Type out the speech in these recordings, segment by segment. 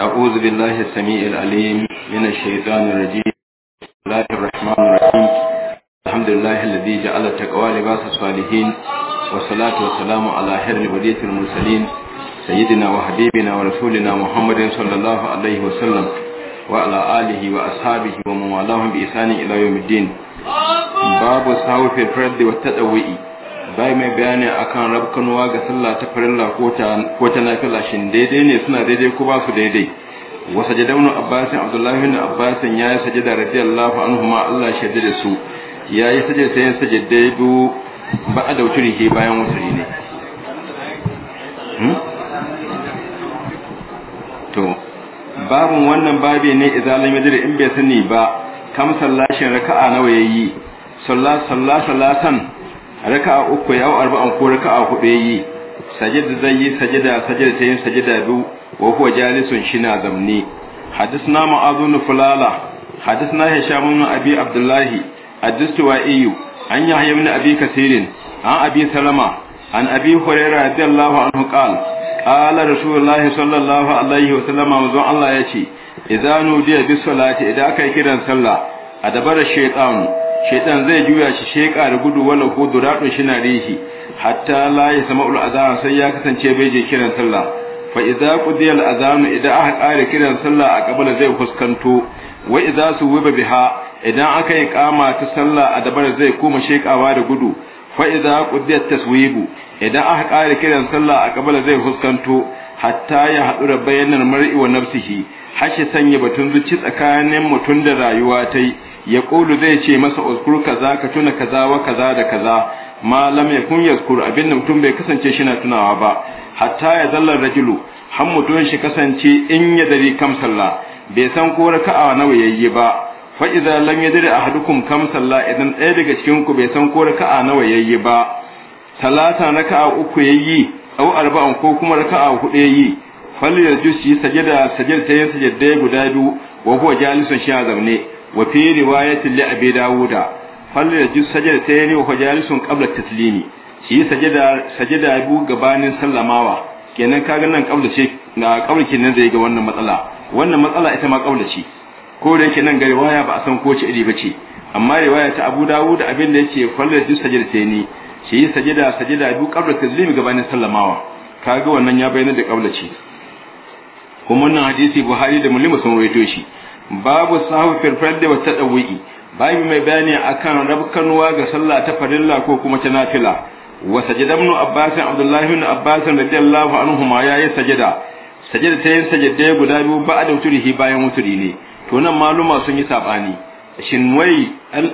أعوذ بالله السميع العليم من الشيطان الرجيم بسم الله الرحمن الرحيم الحمد لله الذي جعل التقوى لباس الصالحين والصلاة والسلام على خير برية المرسلين سيدنا وحبيبنا ورسولنا محمد صلى الله عليه وسلم وعلى آله وأصحابه ومن والاهم بإحسان إلى يوم الدين باب السهو في الفرد والتدوئ bai mai bayani akan rabkanuwa ga sallah ta farilla ko ta nafila shin daidai ne suna daidai ko ba su daidai wa sajadawnu ibn abbas abdullahi bin abbas ya yi sajada radiyallahu anhuma Allah shaida da su ya yi sajada sai sajada bu ba a dauturi ke bayan wasari ne hmm? to babun wannan babi ne izalim yadda in bai sani ba kam sallashin raka'a nawa yayi sallah sallah sallatan raka'a uku ya arba'an ko raka'a hudu yi sajada zai yi sajada sajada ta yin sajada biyu wa huwa jalisun shina zamni hadisna na fulala hadisna hisham mun abi abdullah wa iyu an yahya ibn abi kasirin an abi salama an abi hurairah radiyallahu anhu qal qala rasulullah sallallahu alaihi wa sallam manzo Allah yace idza nudiya bi salati idan aka kiran sallah adabara shaytan shaitan zai juya shi sheƙa da gudu wala ko duradun shi na rihi hatta la ya sama azan sai ya kasance bai je kiran sallah fa idza qudiya azan idan aka kare kiran sallah a kabala zai fuskanto wa idza suwiba biha idan aka yi kama ta sallah a dabar zai koma shekawa da gudu fa idza qudiya taswibu idan aka kare kiran sallah a kabala zai fuskanto hatta ya hadu da bayanan mar'i wa nafsihi hashe sanya batun zuci tsakanin mutum da rayuwa tai ya ƙulu zai ce masa uzkur kaza ka tuna kaza wa kaza da kaza ma lam yakun abin da mutum bai kasance shi na tunawa ba hatta ya zallar rajulu har mutum shi kasance in ya dari kam sallah bai san ko raka'a nawa yayi ba fa idza lam yadri ahadukum kam sallah idan ɗaya daga cikin ku bai san ko raka'a nawa yayi ba talata raka'a uku yayi au arba'an ko kuma raka'a hudu yayi fal yajus yi sajada sajada ta sajada guda biyu wa huwa jalisun shi a zaune وفي رواية لأبي داود قال dawuda fal yajus sajada tayni wa fajalisun qabla taslimi shi sajada sajada bu gabanin sallamawa kenan kaga nan qabla na qabla kenan zai ga wannan matsala wannan matsala ita ma qabla ce ko da yake nan ga riwaya ba a san ko ce iri ce. amma riwaya ta abu dawud abin da yake fal yajus sajada tayni shi qabla gabanin sallamawa kaga wannan ya bayyana da qabla ce kuma wannan hadisi Buhari da Muslim sun rawaito shi babu sahu da wa tadawwi babu mai bayani akan rabkanuwa ga sallah ta farilla ko kuma ta nafila wa sajada ibn abbas abdullahi ibn abbas radiyallahu anhuma yayi sajada sajada ta yin sajada guda biyu ba da wuturi bayan wuturi ne to nan maluma sun yi sabani shin wai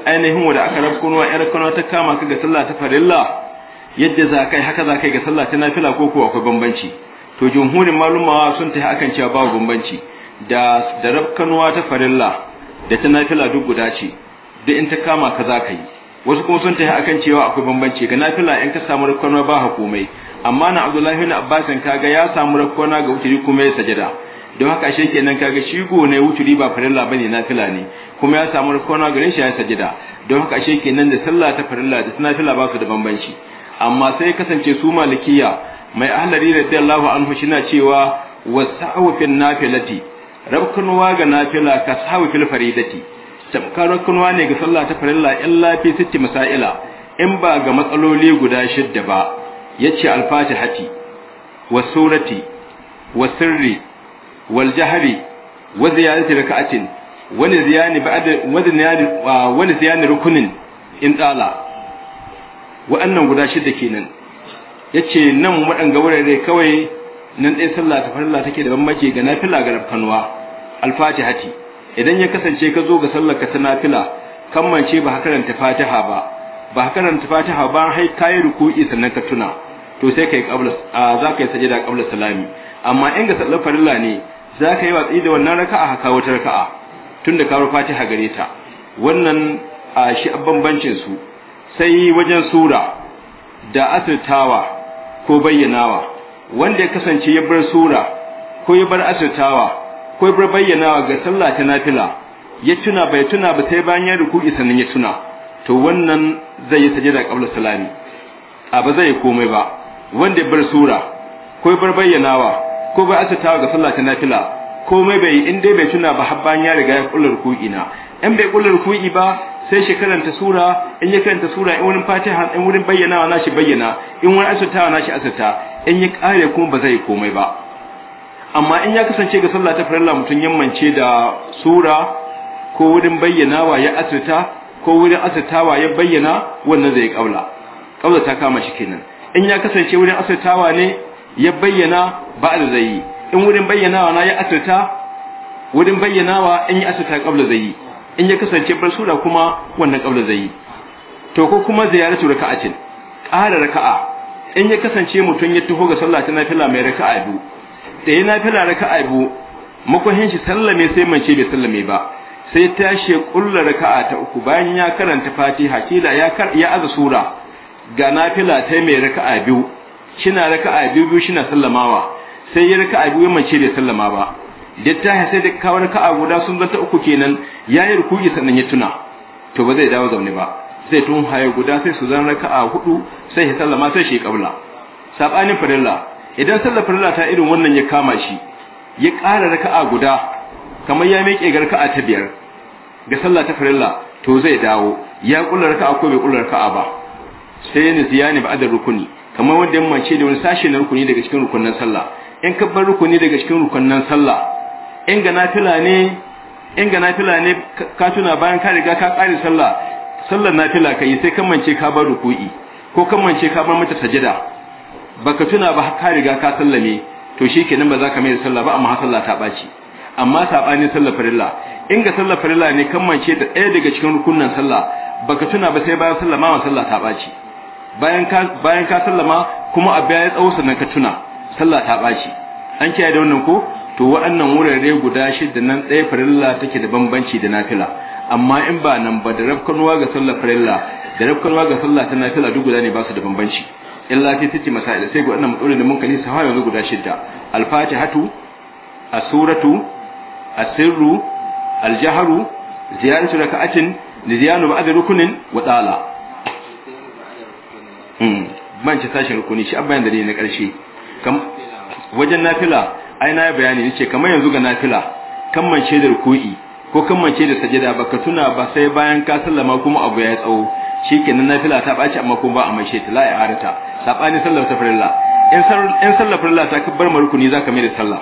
ainihin wanda aka rabkanuwa yar kana ta kama ka ga sallah ta farilla yadda za kai haka za kai ga sallah ta nafila ko ko akwai bambanci to jumhurin maluma sun tafi akan cewa babu bambanci da da rabkanuwa ta farilla da ta nafila duk guda ce duk in ta kama ka za ka yi wasu kuma sun tafi akan cewa akwai bambanci ga nafila in ka samu rabkanuwa ba ha komai amma na Abdullahi bin Abbas kaga ya samu rabkanuwa ga wuturi kuma ya sajada don haka shi kenan kaga shi gone wuturi ba farilla bane nafila ne kuma ya samu rabkanuwa garin shi ya sajada don haka shi kenan da sallah ta farilla da ta nafila ba su da bambanci amma sai kasance su malikiya mai ahlari radiyallahu anhu shi na cewa wasa'u fil nafilati rabkunwa ga nafila ka sahu fil faridati tamkar rabkunwa ne ga sallah ta farilla illa fi sitti masaila in ba ga matsaloli guda shidda ba yace al-fatihati was surati was sirri wal jahri wa ziyarati rak'atin wani ziyani ba'd wani ziyani wani ziyani rukunin in tsala annan guda shidda kenan yace nan waɗanga wurare kawai nan dai sallah ta farilla take da bambanci ga nafila ga rafkanuwa alfatihati idan ya kasance ka zo ga sallar ka ta nafila kammance ba karanta fatiha ba ba karanta fatiha ba har kai ruku'i sannan ka tuna to sai kai kabla za ka yi sajada kabla salami amma in ga sallar farilla ne za ka yi watsi da wannan raka'a ka wata raka'a tunda ka fatiha gare ta wannan shi bambancin su sai wajen sura da asirtawa ko bayyanawa wanda ya kasance ya bar sura ko ya bar asirtawa ko ya bar bayyanawa ga sallah ta nafila ya tuna bai tuna ba sai bayan ya ruku'i sannan ya tuna to wannan zai yi sajada qabla salami a ba zai komai ba wanda ya bar sura ko ya bar bayyanawa ko bai asirtawa ga sallah ta nafila komai bai in dai bai tuna ba har bayan ya riga ya kullar ruku'i na in bai kulla ruku'i ba sai shi karanta sura in ya karanta sura in wurin fatiha in wurin bayyanawa nashi bayyana in wurin asirtawa nashi asirta in ya kare kuma ba zai komai ba amma in ya kasance ga sallah ta farilla mutum yammance da sura ko wurin bayyanawa ya asirta ko wurin asirtawa ya bayyana wannan zai kaula kaula ta kama shi kenan in ya kasance wurin asirtawa ne ya bayyana ba da zai in wurin bayyanawa na ya asirta wurin bayyanawa in ya asirta kaula zai yi in ya kasance bar sura kuma wannan kaula zai yi to ko kuma ziyaratu raka'atin ƙara raka'a in ya kasance mutum ya tuho ga sallah ta nafila mai raka'a biyu da ya nafila raka'a biyu makwahin shi sallame sai mace bai sallame ba sai tashi kulla raka'a ta uku bayan ya karanta fatiha kila ya ya aza sura ga nafila ta mai raka'a biyu kina raka'a biyu biyu shina sallamawa sai ya raka'a biyu mace bai sallama ba littafi sai da kawar ka'a guda sun zanta uku kenan yi rukuki sannan ya tuna to ba zai dawo zaune ba sai tun haye guda sai su zan raka'a hudu sai ya sallama sai shi kabla sabanin farilla idan sallar farilla ta irin wannan ya kama shi ya ƙara raka'a guda kamar ya miƙe garka a ta biyar ga sallah ta farilla to zai dawo ya kula raka'a ko bai kula raka'a ba sai yana ziyani ba rukuni kamar wanda ya mace da wani sashe na rukuni daga cikin rukunnan sallah in ka bar rukuni daga cikin rukunnan sallah in ga nafila ne in ga nafila ne ka tuna bayan ka riga ka kare sallah sallar nafila ka yi sai kan mance ka bar ruku'i ko kan mance ka bar mata sajida baka tuna ba ka riga ka sallame to shikenan ba za ka mai sallah ba amma sallah ta baci amma sabani sallar farilla in ga sallar farilla ne kan mance da ɗaya daga cikin rukunnan sallah baka tuna ba sai bayan sallama wa sallah ta baci bayan ka bayan ka sallama kuma a ya tsawo sannan ka tuna sallah ta baci an kiyaye da wannan ko to wa'annan wurare guda shida nan ɗaya farilla take da bambanci da nafila amma in ba nan ba da rafkanuwa ga sallah farilla da rafkanuwa ga sallah ta nafila duk guda ne ba su da bambanci illa ta tace masa'ila sai ga wannan da mun kani sa yanzu guda shida al-fatihatu as-suratu as-sirru al-jahru ziyaratu raka'atin li ziyanu da rukunin wa tala man hmm, ci sashin rukuni shi abban da ne na karshe kam wajen nafila ai na bayani yace kamar yanzu ga nafila kan mance da ruku'i ko kan mance da sajada baka tuna ba sai bayan ka sallama kuma abu ya tsawo shikenan nafila ta baci amma kuma ba a mai ta la'i arata sabani sallar ta farilla in sallar in sallar farilla ta kabbar marukuni zaka mai da sallah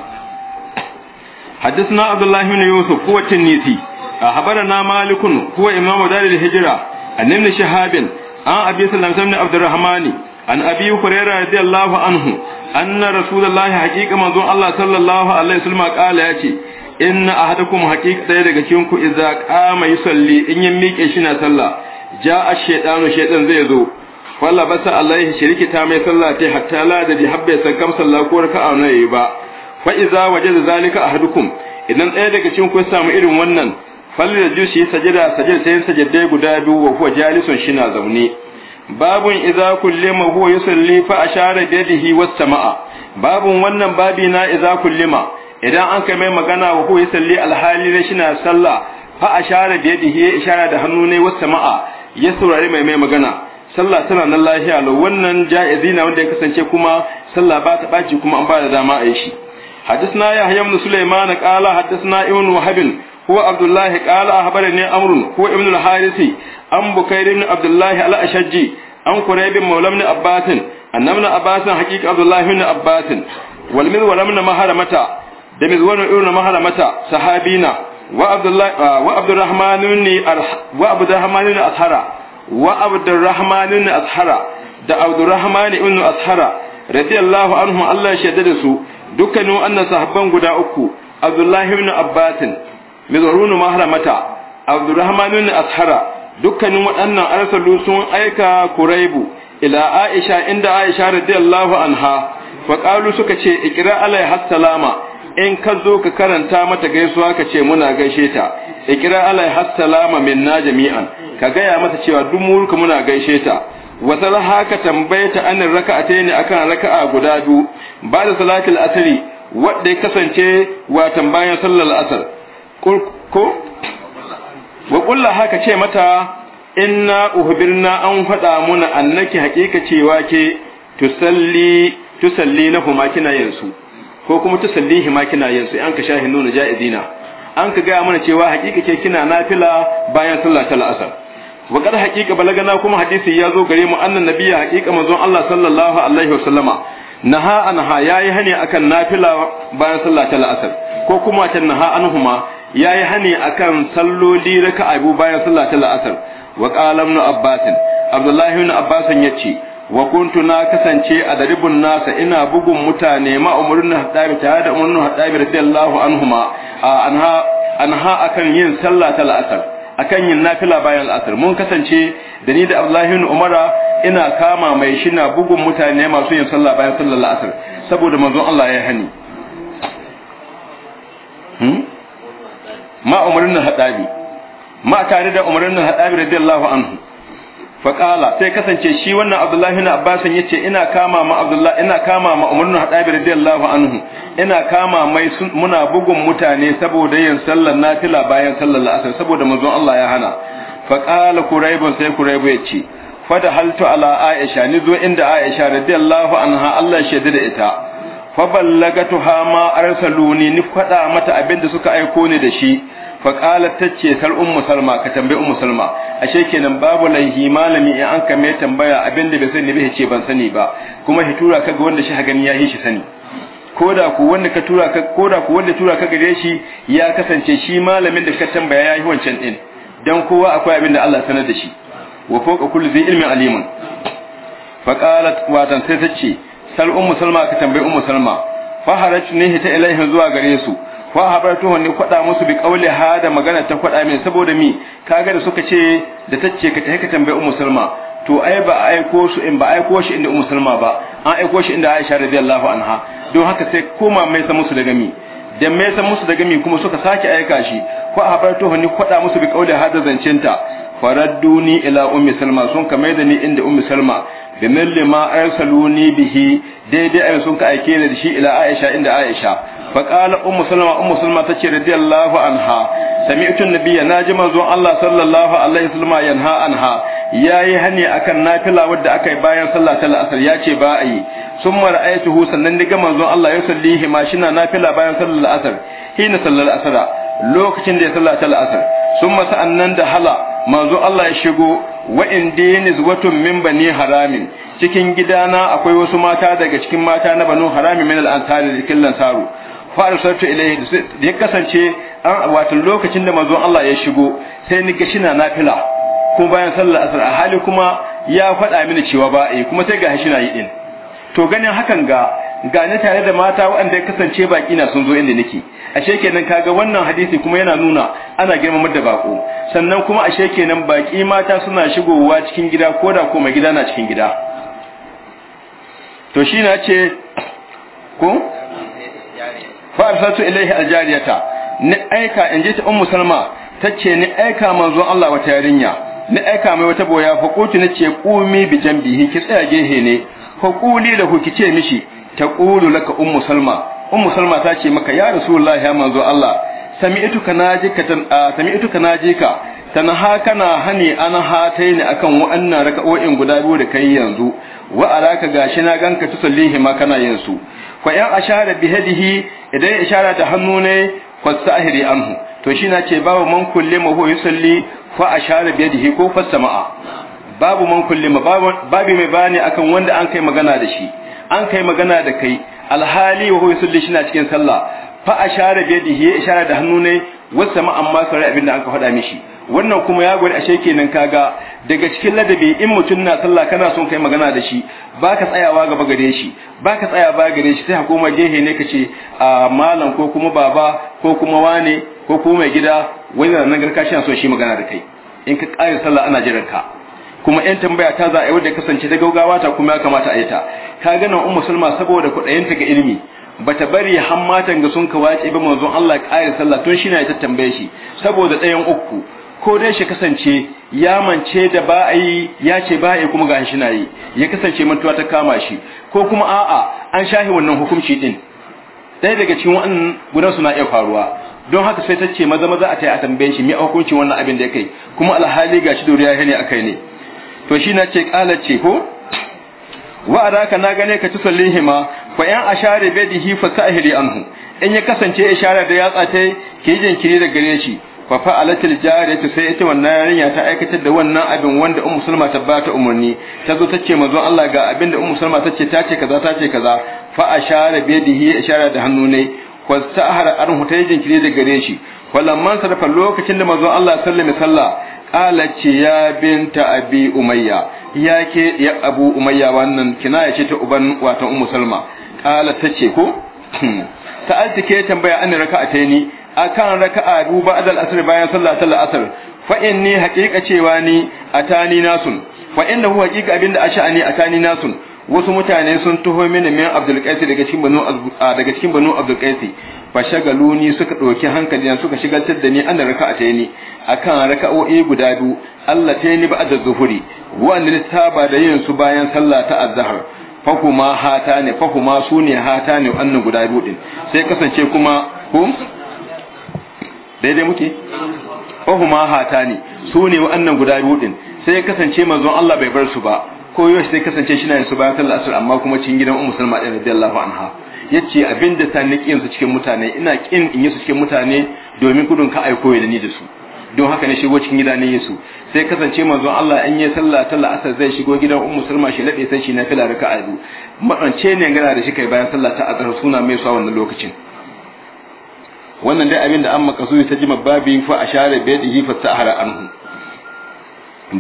حدثنا abdullah الله yusuf يوسف tinisi التنيسي أخبرنا مالك هو إمام دار الهجرة عن ابن شهاب an أبي سلمة بن عبد الرحمن an abi hurairah radiyallahu anhu anna rasulullahi haqiqa manzon Allah sallallahu alaihi wasallam qala yace inna ahadakum haqiqa daya daga cikin ku idza qama yusalli in ya miƙe shi na sallah ja'a shaytanu shaytan zai zo walla basa alaihi ta mai sallah ta hatta la da bi habba san kam sallah ko raka'a na yi ba fa idza wajada zalika ahadukum idan daya daga cikin ku ya samu irin wannan falli da jushi sajada sajada sai sajada guda biyu wa huwa jalisun shi na zaune babun idza kullima huwa yusalli fa ashara yadihi was samaa babun wannan babi na iza kullima idan an kai mai magana wa huwa yusalli alhali ne na sallah fa ashara yadihi ishara da hannu ne was samaa ya saurari mai mai magana sallah tana nan lafiya lau wannan ja'izi na wanda ya kasance kuma sallah ba ta baci kuma an ba da dama a yi shi حدثنا يحيى بن سليمان قال حدثنا ابن وهب هو عبد الله قال اخبرني امر هو ابن الحارثي ام بكير بن عبد الله الأشجي ام قريب مولى بن عباس ان ابن عباس حقيق عبد الله بن عباس والمذ ولمن مهرمة دمذ ولمن مهرمة صحابينا وعبد الله وعبد الرحمن بن وعبد الرحمن بن أسهرة وعبد الرحمن بن ده عبد الرحمن بن Ashara رضي الله عنهم الله shaddada su dukkanin wannan sahabban guda uku abdullahi ibn abbasin mizarunu mahramata abdurrahman ibn ashara dukkanin waɗannan arsalu sun aika kuraibu ila aisha inda aisha radiyallahu anha fa qalu suka ce ikra alai in ka zo ka karanta mata gaisuwa ka ce muna gaishe ta ikra alai salama minna jami'an ka gaya mata cewa duk mu muna gaishe ta wasar haka tambayta anin raka'atai ne akan raka'a guda biyu ba da salatul asri wadda ya kasance watan bayan sallar asr ko wa kullu haka ce mata inna uhbirna an fada muna annaki haƙiƙa cewa ke tusalli tusalli na huma kina yansu ko kuma tusalli hima kina yansu an ka shahin nuna ja'izina an ka gaya mana cewa haƙiƙa ke kina nafila bayan sallar asr wa kada haqiqa balagana kuma hadisi ya zo gare mu annan nabiyya haqiqa manzon Allah sallallahu alaihi wasallama naha anha yayi hani akan nafila bayan sallah ta la'asar ko kuma ta naha anhuma yayi hani akan salloli raka abu bayan sallah ta la'asar wa qala ibn abbas abdullahi ibn abbas yace wa kuntu na kasance a daribun nasa ina bugun mutane ma umrun hadabi tare da umrun hadabi radiyallahu anhuma anha anha akan yin sallah ta la'asar akan yin nafila bayan al'asar mun kasance da ni da Abdullahi bin Umara ina kama mai shina bugun mutane masu yin sallah bayan sallar al'asar saboda manzon Allah ya hani hmm? ma nan hadabi ma tare da nan hadabi radiyallahu anhu faƙala sai kasance shi wannan abdullahi na abbas ya ce ina kama ma abdullahi ina kama ma umarnu bin radiyallahu anhu ina kama mai muna bugun mutane saboda yin sallar nafila bayan sallar la'asar saboda manzon Allah ya hana faƙala kuraibun sai kuraibu ya ce fada haltu ala aisha ni zo inda aisha radiyallahu anha Allah shaida da ita fa ha ma arsaluni ni fada mata abinda suka aiko ni da shi fa qalat tace sal ummu salma ka tambayi ummu salma ashe kenan babu lahi malami in an kame tambaya abinda bai sani bai ce ban sani ba kuma ka kaga wanda shi hagani ya yi shi sani koda ku wanda ka tura ka koda ku wanda tura ka gare shi ya kasance shi malamin da ka tambaya ya yi wancan din dan kowa akwai abinda Allah sanar da shi wa fawqa kulli zai ilmin alimun fa qalat wa tan sai tace sal ummu salma ka tambayi ummu salma fa haratu ne ta ilaihin zuwa gare su fa habartuhu ne kwada musu bi qawli hada magana ta kwada min saboda mi kaga da suka ce da tacce ka ta ka tambayi ummu salma to ai ba aiko su in ba aiko shi inda ummu salma ba an aiko shi inda aisha radiyallahu anha don haka sai koma mai sa musu daga mi da mai sa musu daga mi kuma suka sake aika shi ko habartuhu ne kwada musu bi qawli hada zancenta faradduni ila ummi salma sun ka da ni inda ummi salma bi milli ma arsaluni bihi daidai ai sun ka aike ni da shi ila aisha inda aisha fa qala ummu salma ummu salma tace radiyallahu anha sami'tu nabiyya naji manzon Allah sallallahu alaihi wasallam yanha anha yayi hani akan nafila wadda akai bayan sallah ta asar yace ba ai sun mara'aituhu sannan ni ga manzon Allah ya sallihi ma shina nafila bayan sallar asar hina sallar asara lokacin da ya sallata asar Summa masa annan da hala manzo Allah ya shigo wa indini zuwatun min bani haramin cikin gidana akwai wasu mata daga cikin mata na banu haramin min al da killan saru fa arsaltu ilaihi da ya kasance an wato lokacin da manzo Allah ya shigo sai ni gashi na nafila ko bayan sallar asar a hali kuma ya faɗa mini cewa ba kuma sai ga shi na yi din to ganin hakan ga ga ni tare da mata waɗanda ya kasance baki na sun zo inda nake ashe kenan kaga wannan hadisi kuma yana nuna ana girmamar da bako sannan kuma ashe kenan baki mata suna shigowa cikin gida ko da ko mai gida na cikin gida to shi na ce ko fa arsatu ilaihi aljariyata ni aika in ji ta ummu salma tace ni aika manzon Allah wata yarinya ni aika mai wata boya fa kotu nace qumi bi jambihi ki tsaya gehe ne fa quli lahu ki ce mishi taqulu laka ummu salma ummu salma ta ce maka ya rasulullahi ya manzo Allah sami'tuka ka sami'tuka tan tanha kana hani an hataini akan wa'annan raka'o'in guda biyu da kai yanzu wa alaka gashi na ganka sallihi ma kana yin su fa in ashara bi hadihi idan ishara ta hannu ne fa sahiri anhu to shi na ce babu man ma huwa yusalli fa ashara bi yadihi ko fa sama'a babu man ma babu mai bani akan wanda an kai magana da shi an kai magana da kai alhali wa huwa yusalli shi na cikin sallah fa ashara bi yadihi ya ishara da hannu ne wasa ma amma sarai abin da anka faɗa mishi wannan kuma ya gwada ashe kenan kaga daga cikin ladabi in mutum na sallah kana son kai magana da shi baka tsayawa gaba gare shi baka tsaya ba gare shi sai hukuma gehe ne kace a malam ko kuma baba ko kuma wane ko kuma mai gida wani nan garka shi na son shi magana da kai in ka ƙare sallah ana jiran ka kuma yan tambaya ta za a yi wadda kasance ta gaugawa ta kuma ya kamata a yi ta ka gana ummu musulma saboda kuɗayenta ga ilimi ba ta bari hammatan ga sun kawace ba manzon Allah ƙari sallah tun shi na ta tambaye shi saboda ɗayan uku ko dai shi kasance ya mance da ba a yi ya ce ba a yi kuma ga shi na yi ya kasance mantuwa ta kama shi ko kuma a'a an shahi wannan hukunci din ɗaya daga cikin wannan gudan suna iya faruwa don haka sai ta ce maza maza a ta yi a tambaye shi mai hukuncin wannan abin da ya kai kuma alhali ga shi doriya ne a kai ne to shi na ce kala ce ko wa araka na gane ka tusallihi ma fa yan ashare badihi fa sahiri anhu in ya kasance ishara da yatsa ta ke jinkiri da gare shi fa fa'alatil jariyatu sai ita wannan yarinya ta aikatar da wannan abin wanda ummu sulma ta bata umarni ta zo tace manzo Allah ga abin da ummu sulma tace ta ce kaza ta ce kaza fa ashara badihi ishara da hannu ne fa sahara anhu ta jinkiri da gare shi falamman sarfa lokacin da manzo Allah sallallahu alaihi wasallam qalat ce ya binta abi umayya ya ke ya abu umayya wannan ya ce ta uban watan ummu salma ta tace ko ta asike tambaya an raka'ataini akan raka'a biyu ba'dal asr bayan sallah ta asr fa inni haqiqa cewa ni atani nasun fa innahu haqiqa abinda asha'ani atani nasun wasu mutane sun tuho mini min Abdul Qais daga cikin Banu daga cikin Banu Abdul Qais fashagaluni suka ɗauki hankali suka shigaltar da ni ana kan akan raka'o'i guda biyu Allah ta ni ba'da zuhuri wanda ni saba da yin su bayan sallah ta azhar fa kuma hata ne fa kuma su ne hata ne wannan guda biyu din sai kasance kuma ko. daidai muke fa kuma hata ne su ne wannan guda biyu din sai kasance manzon Allah bai bar su ba ko yau sai kasance shi na yin su bayan sallah asr amma kuma cikin gidan ummu salma radiyallahu anha yace abin da sa nake yin cikin mutane ina kin in yi su cikin mutane domin gudun ka aiko da ni da su don haka ne shigo cikin gida ne Yesu sai kasance manzo Allah in yi sallah ta la'asar zai shigo gidan ummu Salma shi lade sai shi nafila raka biyu matsance ne gana da shi kai bayan sallah ta azhar suna mai sa wannan lokacin wannan dai abin da an makasudi ta jima babi fa ashara bi yadihi fa sahara anhu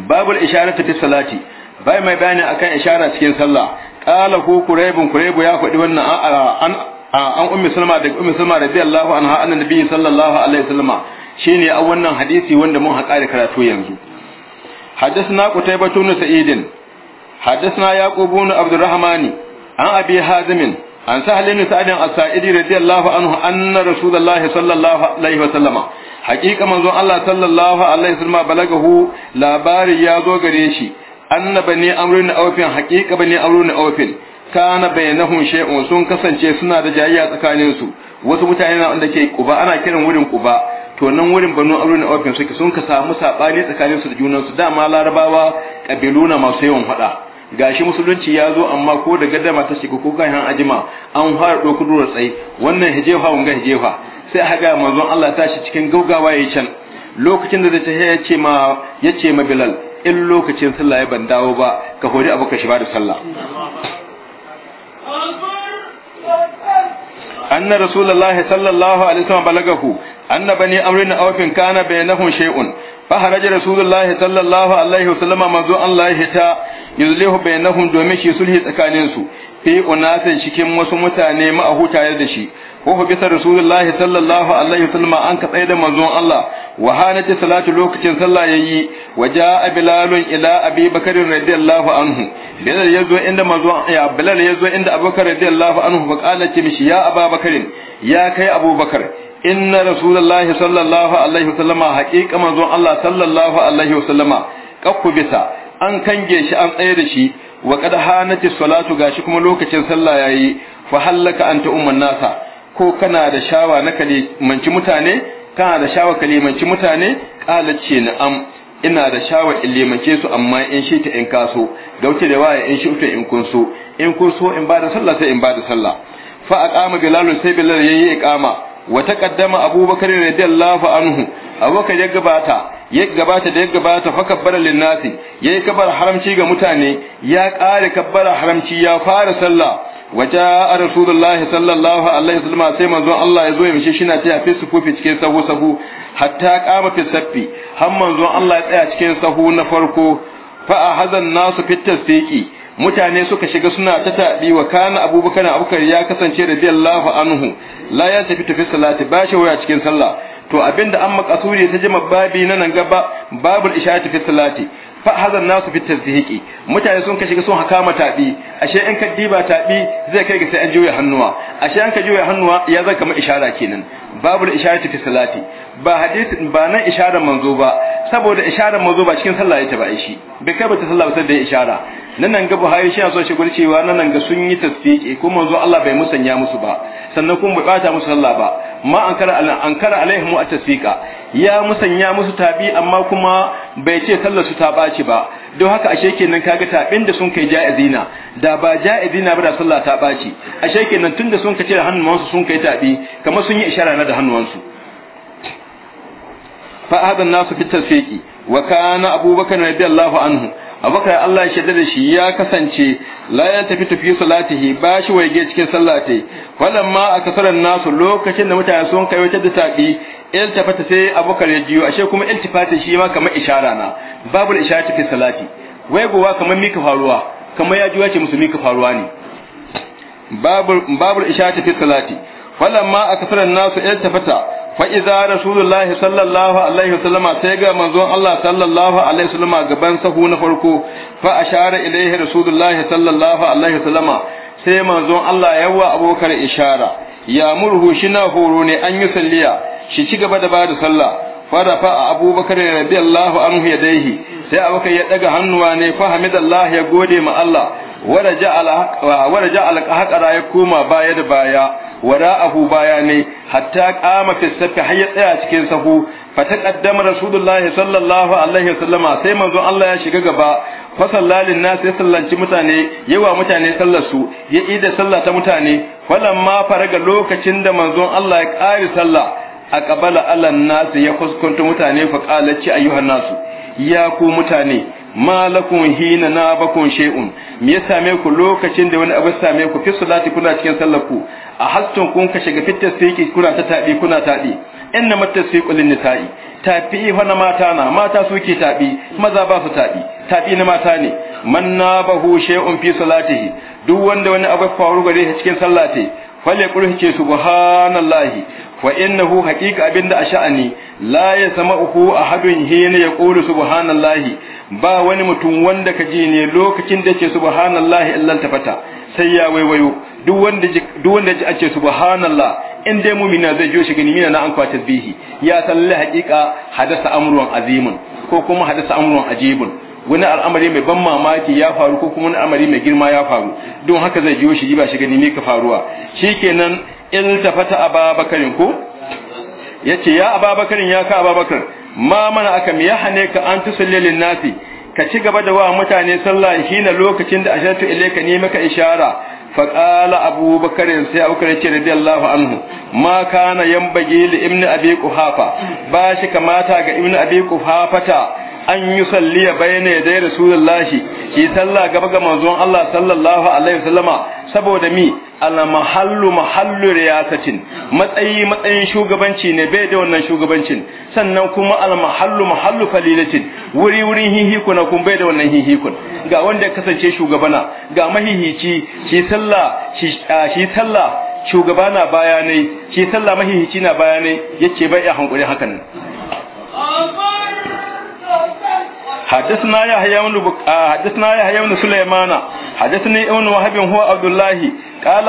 babul isharatu fi salati bai mai bayani akan ishara cikin sallah kala ku kurebun kurebu ya faɗi wannan a an an ummi salma da ummi salma radiyallahu anha anna nabiyyi sallallahu alaihi wasallam shine a wannan hadisi wanda mun haƙa da karatu yanzu hadathna qutaiba ibn sa'id hadathna yaqub ibn abdurrahman an abi hazim an sahal ibn sa'id as-sa'idi radiyallahu anhu anna rasulullahi sallallahu alaihi wasallam haqiqa manzon allah sallallahu alaihi wasallam balagahu labari yazo gare shi annaba ne amrun awfin haqiqa bani amrun awfin kana bainahum shay'un sun kasance suna da jayayya tsakanin su wasu mutane na wanda ke kuba ana kiran wurin kuba to nan wurin banu amrun awfin suke sun ka samu sabani tsakanin su da junan su dama larabawa kabiluna masu yawan fada gashi musulunci ya zo amma ko da gaddama ta shiga ko kan ajima an fara doku dora tsaye wannan hijefa wanga hijefa sai haga manzon Allah tashi cikin gaugawa yayi can lokacin da zai ta ce ma ya ma Bilal in lokacin sallah ya ban dawo ba ka hori abu ka shi da sallah anna rasulullahi sallallahu alaihi wasallam balagahu anna bani amrin awfin kana bainahum shay'un فخرج رسول الله صلى الله عليه وسلم منذ الله ta يزله بينهم دومي شي صلح تسكانين سو fi unatin cikin wasu mutane ma'ahu tare da shi wa hu bisa rasulullahi sallallahu alaihi wasallam an ka tsaye da manzon Allah wa hanati salatu lokacin sallah yayi wa jaa bilalun ila abi bakr radiyallahu anhu bilal yazo inda manzon ya bilal yazo inda abubakar radiyallahu anhu fa qala ce mishi ya ababakar ya kai abubakar inna rasulullahi sallallahu alaihi wasallama haqiqa manzon Allah sallallahu alaihi wasallama kakku bisa an kange shi an tsaye da shi wa kada hanati salatu gashi kuma lokacin sallah yayi fa hallaka anta umman nasa ko kana da shawa na kalimanci mutane kana da shawa kalimanci mutane qala ce na'am ina da shawa in su amma in shi ta in kaso da wuce da waya in shi ta in so in so in ba da sallah sai in ba da sallah fa aqama bilal sai bilal yayi iqama wa taqaddama abubakar radiyallahu anhu abubakar ya gabata ya gabata da ya gabata fa kabbara linnasi yayi kabar haramci ga mutane ya kare kabbara haramci ya fara sallah wa jaa rasulullahi sallallahu alaihi wasallam sai manzon Allah ya zo ya mishi shina taya fi sufufi cikin sahu sahu hatta qama fi saffi har manzon Allah ya tsaya cikin sahu na farko fa ahazan nasu fit siƙi. mutane suka shiga suna ta tabi wa kana abubakar abubakar ya kasance da radiyallahu anhu la ya tafi tafi salati ba shi waya cikin sallah to abinda an makasuri ta jima babi na nan gaba babul isha'ati fi salati fa hazan nasu fi tazhiqi mutane sun ka shiga sun hakama tabi ashe in ka diba tabi zai kai ga sai an juya hannuwa ashe an ka juya hannuwa ya zan kamar ishara kenan babul isha'ati fi salati ba hadisi ba nan isharar manzo ba saboda isharar mazo ba cikin sallah yake ba shi bai kai bata sallah sai da ishara nan nan ga Buhari shi so shi gurcewa nan nan ga sun yi tasfiqi kuma manzo Allah bai musanya musu ba sannan kuma bai bata musu sallah ba ma ankara ala ankara alaihim at tasfiqa ya musanya musu tabi amma kuma bai ce sallar su ta baci ba don haka ashe kenan kaga tabin da sun kai ja'izina da ba ja'izina ba da sallah ta baci ashe kenan tunda sun kace da hannuwansu sun kai tabi kamar sun yi ishara na da hannuwansu fa ahadan nasu fi tasfiqi wa kana abubakar radiyallahu anhu abubakar Allah ya shaddada shi ya kasance la ya tafi tafi salatihi ba shi waige cikin sallate walamma akasaran nasu lokacin da mutane sun kai wata da tabi tafata sai abubakar ya jiyo ashe kuma iltifata shi ma kamar ishara na babu isharati fi salati wai gowa kamar mika faruwa kamar ya jiyo ce musu mika faruwa ne babu babu isharati fi salati walamma akasaran nasu iltafata fa iza rasulullahi sallallahu alaihi wasallam sai ga manzon Allah sallallahu alaihi wasallam gaban sahu na farko fa ashara ilaihi rasulullahi sallallahu alaihi wasallam sai manzon Allah yawa abokar ishara ya murhu shi na horo ne an yi salliya shi ci gaba da bada sallah farafa a abubakar radiyallahu anhu ya daihi sai abubakar ya daga hannuwa ne fa hamidallah ya gode ma Allah waraja al-haqa ya koma baya da baya wara'ahu ne. hatta qama fi safi har ya tsaya cikin sahu fa taqaddama rasulullahi sallallahu alaihi wasallama sai manzon Allah ya shiga gaba fa sallalin nas ya sallanci mutane yawa mutane sallar su ya ida sallah ta mutane falamma faraga lokacin da manzo Allah ya kare sallah a qabala alan nas ya kuskunta mutane fa qala ayyuhan nasu ya ku mutane malakun hina na bakun shay'un me ya same ku lokacin da wani abu same ku fi salati kuna cikin sallar ku a hastun kun ka shiga fitar siki kuna ta taɓi kuna taɓi inna matta siƙu lin nisa'i tafi fa mata na mata suke tabi maza ba su tabi taɓi na mata ne man nabahu shay'un fi salatihi duk wanda wani abu faru gare shi cikin sallate falle kurhi ce subhanallahi wa innahu haqiqa abinda a sha'ani la ya sama'uhu ahadun hina ya qulu subhanallahi ba wani mutum wanda kaji ne lokacin da ce subhanallahi illal tafata sai ya waiwayo duk wanda duk wanda ji ake subhanallah in dai mumina zai jiyo shi gani mina na an kwata bihi ya salli haqiqa hadasa amrun azimun ko kuma hadasa amrun ajibun wani al'amari mai ban mamaki ya faru ko kuma wani al'amari mai girma ya faru don haka zai jiyo shi ba shi gani ne ka faruwa shikenan iltafata ababakarin ko yace ya ababakarin ya ka ababakar ma mana aka mi ya hane ka an tusalle lin nasi ka ci gaba da wa mutane sallah na lokacin da ashatu ka ne maka ishara fa qala abubakar sai abubakar ce radiyallahu anhu ma kana yanbaghi li ibnu abi quhafa ba shi kamata ga ibnu abi ta an yi salliya bayyana da rasulullahi shi sallah gaba ga manzon Allah sallallahu alaihi wasallama saboda mi ala mahallu mahallu riyasatin matsayi matsayin shugabanci ne bai da wannan shugabancin sannan kuma ala mahallu mahallu falilatin wuri wurin hihiku na kun bai da wannan hihikun ga wanda ya kasance shugabana ga mahihici shi sallah shi sallah shugabana bayanai shi sallah mahihici na bayanai yake bai a hankuri hakan حدثنا يحيى بن حدثنا يحيى بن سليمان حدثني ابن وهب هو عبد الله قال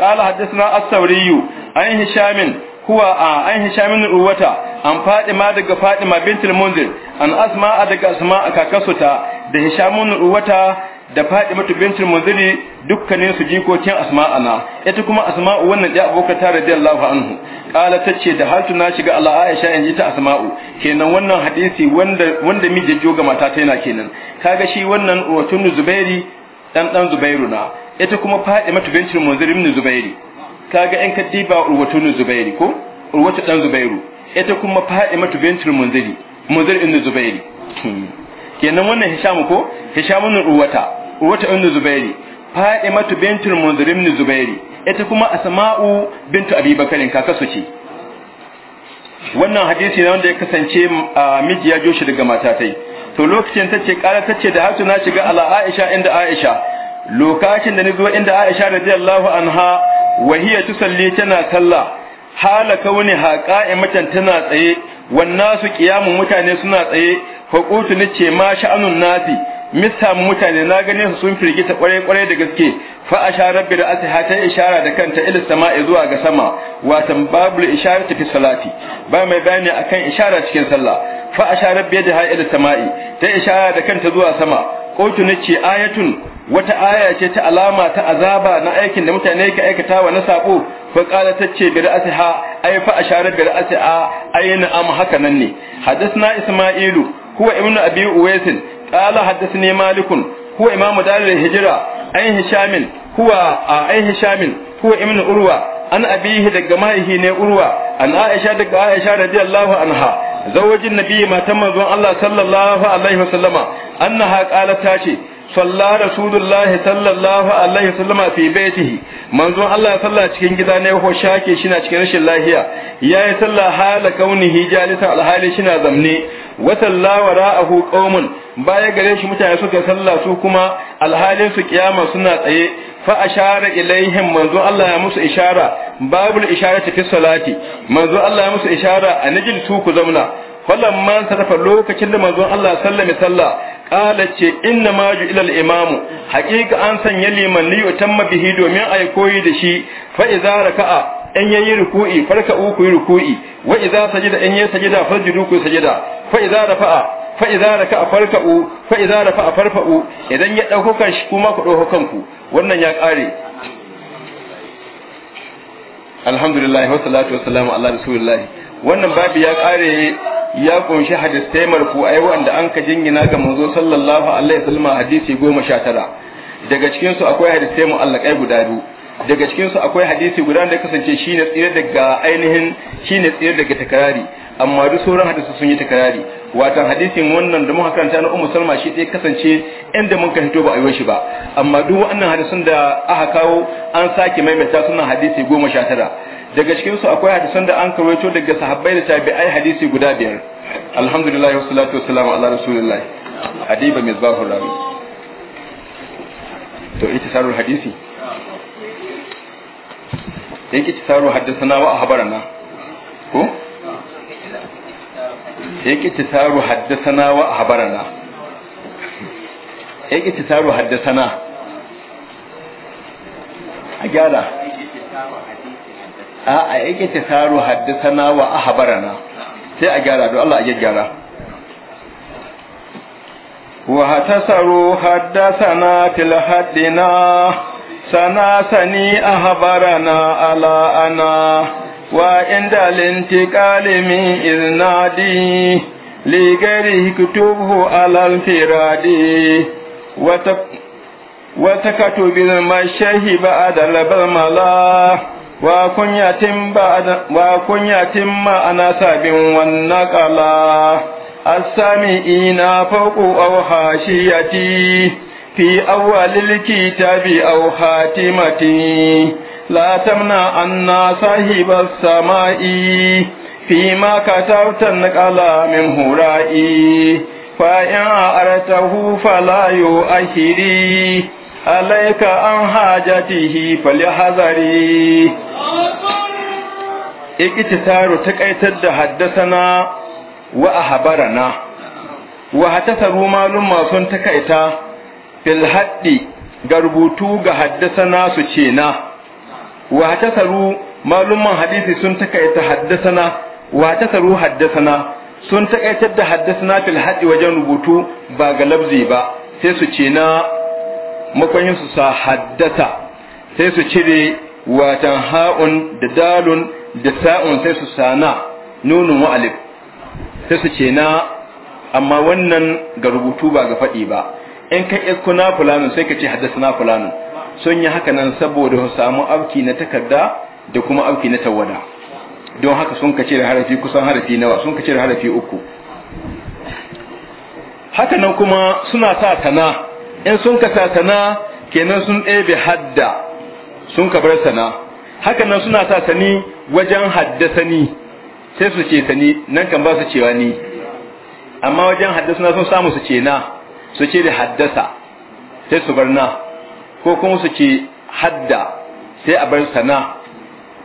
قال حدثنا الثوري عن هشام هو عن هشام بن عروة عن فاطمه دغ فاطمه بنت المنذر عن اسماء دغ اسماء كاكسوتا ده هشام بن عروة da Fatimatu bintul Munziri dukkanin su jikokin Asma'ana ita kuma Asma'u wannan ya abokata radiyallahu anhu kala tace da haltu na shiga Allah Aisha in ji ta Asma'u kenan wannan hadisi wanda wanda mije jo ga mata ta yana kenan kaga shi wannan watun Zubairi dan dan Zubairu na ita kuma Fatimatu bintul Munziri min Zubairi kaga in ka diba watun Zubairi ko wata dan Zubairu ita kuma Fatimatu bintul Munziri Munziri in Zubairi hmm. kenan wannan hisham ko hisham ibn urwata urwata ibn zubairi fadimatu bintul munzir ibn zubairi ita kuma asma'u bintu abi bakarin kakasu ce wannan hadisi ne wanda ya kasance miji ya joshi daga matatai to lokacin tace kara tace da hatu shiga ala aisha inda aisha lokacin da nazo inda aisha radiyallahu anha hiya tusalli tana kalla, hala kauni ha qa'imatan tana tsaye wannan su kiyamun mutane suna tsaye faqutu nace ma sha'anun nasi misa mutane na gane su sun firgita kwarai kwarai da gaske fa ashara bi ra'siha ta ishara da kanta ila sama'i zuwa ga sama watan babul isharati fi salati ba mai bayani akan ishara cikin sallah fa ashara da yadiha ila sama'i ta ishara da kanta zuwa sama qultu nace ayatun wata aya ce ta alama ta azaba na aikin da mutane ke aikatawa na sabo fa qala tace bi ra'siha ay fa asharat bi ra'siha ay na'am haka nan ne hadathna isma'ilu huwa ibnu abi uwaisin qala hadathni malikun huwa imamu darul hijra an hishamin huwa an hishamin huwa ibnu urwa an abihi daga mahaihi ne urwa an aisha daga aisha radiyallahu anha zawajin nabi matan manzon Allah sallallahu alaihi wasallama annaha qalat tace صلى رسول الله صلى الله عليه وسلم في بيته منذ الله صلى cikin gida ne ko shake shina cikin rashin lafiya yayi sallah hala kaunihi jalisa alhali shina zamne Watan salla wara'ahu qaumun baya gare shi mutane suka salla su kuma alhalin su suna tsaye fa ashara ilaihim manzo Allah ya musu ishara babul isharati fi salati manzo Allah ya musu ishara anajil su ku zamna falamma sarafa lokacin da manzon Allah sallame sallah kala ce inna ma ju'ila al-imam haqiqa an sanya liman li yutamma bihi domin a yi koyi da shi fa idza raka'a in yayi ruku'i farka uku yi ruku'i wa idza sajada in yayi sajada farjidu ku sajada fa idza rafa'a fa idza raka'a farka'u fa idza rafa'a farfa'u idan ya dauko kanshi kuma ku dauko kanku wannan ya kare alhamdulillah wa salatu ala rasulillah wannan babu ya kare ya kunshi hadisai ai wanda an ka jingina ga manzo sallallahu alaihi wasallam hadisi goma sha tara daga cikin su akwai hadisai mu'allakai guda biyu daga cikin su akwai hadisi guda da kasance shine tsire daga ainihin shine tsire daga takarari. amma duk sauran hadisi sun yi takarari watan hadisin wannan da muka karanta na Ummu Salma shi dai kasance inda mun hito ba a yi shi ba amma duk wannan hadisin da aka kawo an sake maimaita sunan hadisi 19 daga cikin su akwai hadisan da an karwaito daga sahabbai da tabi'ai hadisi guda biyar alhamdulillah wa salatu wa salamu ala rasulillah hadiba mizbahu rawi to ita sarul hadisi yake ci saru haddasana wa ahbarana ko yake ci saru haddasana wa ahbarana yake ci saru haddasana a gyara a a yake ta saru haddasana wa ahbarana sai a gyara don Allah a gyara wa hatasaru haddasana til haddina sana sani ahbarana ala ana wa inda lintiqali min iznadi li gari kutubhu ala al-firadi wa wata wa takatu bil mashahi ba'da al-balmala wa kunya timma ana sabin wannan kala asami ina fauku auhashiyati fi awwalil kitabi aw hatimati la tamna anna sahibas samai fi ma katawta nakala min hurai fa in aratahu fala yu ahiri alaika an hajatihi falihazari ikiti taro taƙaitar da haddasana wa a habarana wa hatasaru malumma sun takaita fil haddi ga rubutu ga haddasana su ce na wa hatasaru malumman hadisi sun takaita haddasana wa hatasaru haddasana sun takaitar da haddasana fil haddi wajen rubutu ba ga labzi ba sai su ce na makon su sa haddasa sai su cire watan ha'un da dalun da sa'un sai su sana nunun wa alif sai su ce na amma wannan ga rubutu ba ga faɗi ba in ka isku na fulanun sai ka ce haddasa na fulanun sun yi haka nan saboda su samu auki na takarda da kuma auki na tawada don haka sun ka cire harafi kusan harafi nawa sun ka cire harafi uku haka kuma suna sa tana in sun ka sana kenan sun ɗebe hadda sun ka bar sana haka nan suna sa sani wajen haddasa ni sai su ce sani nan kan ba su cewa ni amma wajen haddasa suna sun samu su ce na su ce da haddasa sai su bar na ko kuma su ce hadda sai a bar sana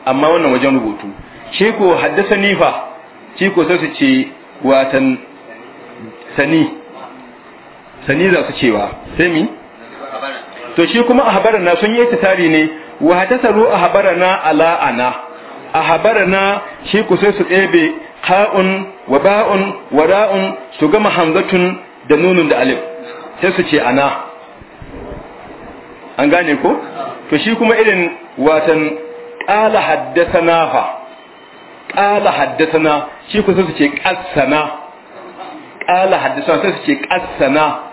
amma wannan wajen rubutu shi ko haddasa ni fa shi ko sai su ce watan sani sani za su cewa sai mi to shi kuma na sun yi tasari ne wa hatasaru na ala ana na shi ku sai su tsebe ha'un wa ba'un wa ra'un su gama hamzatun da nunun da alif sai su ce ana an gane ko to shi kuma irin watan qala haddathana fa qala haddathana shi ku sai su ce qassana qala haddathana sai su ce qassana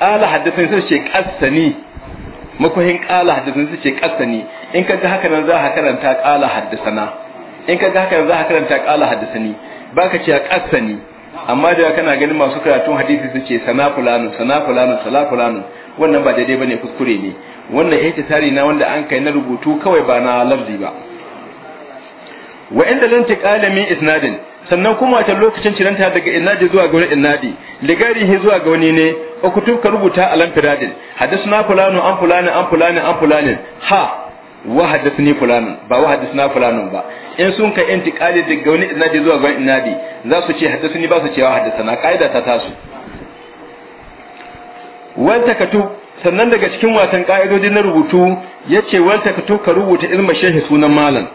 ƙala haddasa sun ce ƙasani makuhin ƙala haddasa sun ce ƙasani in ka ga haka nan za ka karanta ƙala haddasana in ka ga haka nan za ka karanta ƙala haddasani baka ce ƙasani amma da kana ganin masu karatun hadisi su ce sana fulanu sana fulanu sala fulanu wannan ba daidai bane kuskure ne wannan ihtisari na wanda an kai na rubutu kawai ba na lafzi ba wa inda lantiqala min isnadin sannan kuma wata lokacin cinanta daga innadi zuwa ga wani innadi ligarihi zuwa ga wani ne ukutub ka rubuta alam firadin hadisna fulano an fulani an fulani an fulani ha wa hadisni fulanun ba wa hadisna fulanun ba in sun ka intiqali daga wani innadi zuwa ga wani innadi za su ce hadisni ba su ce wa hadisana kaida ta tasu wal takatub sannan daga cikin watan ka'idodi na rubutu yace wal takatub ka rubuta ilma shehi sunan malam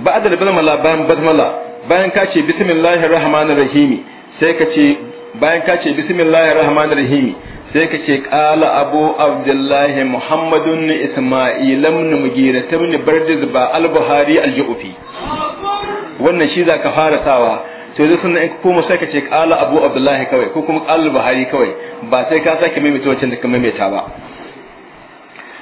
ba'da da basmala bayan basmala bayan ka ce bismillahir rahmanir rahim sai ka ce bayan ka ce bismillahir rahmanir rahim sai ka ce qala abu abdullahi muhammadun isma'il ibn mugira ibn bardiz ba al-buhari al-ju'fi wannan shi zaka fara sawa to yanzu sannan in ka koma sai ka ce qala abu abdullahi kawai ko kuma qala al-buhari kawai ba sai ka sake maimaita wancan da ka maimaita ba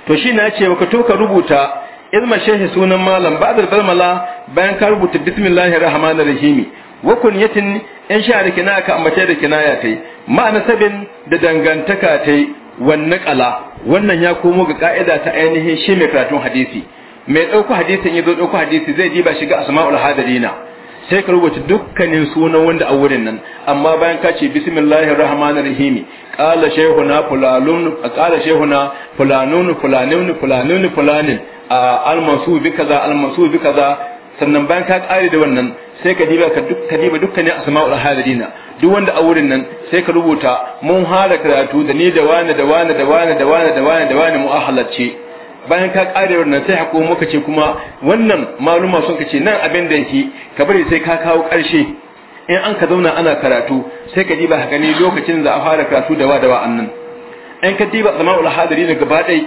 to shi na ce maka to ka rubuta ilma shehi sunan malam da balmala bayan ka rubuta bismillahir rahmanir rahim wa kunyatin in sha da kinaya ka ambace da kinaya tai ma'ana sabin da dangantaka tai wannan kala wannan ya komo ga ka'ida ta ainihin shi mai karatun hadisi mai dauko hadisin ya zo dauko hadisi zai diba shiga asma'ul hadirina sai ka rubuta dukkanin sunan wanda a wurin nan amma bayan ka ce bismillahir rahmanir rahim qala shaykhuna fulanun qala shaykhuna fulanun fulanun fulanun fulanin al-mansub bi kaza al-mansub bi kaza sannan bayan ka kare da wannan sai ka diba ka diba dukkanin asma'ul hadirina duk wanda a wurin nan sai ka rubuta mun hada karatu da ni da wani da wani da wani da wani da wani da wani mu bayan ka kare wannan sai hako muka ce kuma wannan maluma sun ka ce nan abin da yake ka bari sai ka kawo karshe in an ka zauna ana karatu sai ka diba haka ne lokacin da a fara karatu da wadawa annan in ka diba zama'ul hadiri na gaba ɗai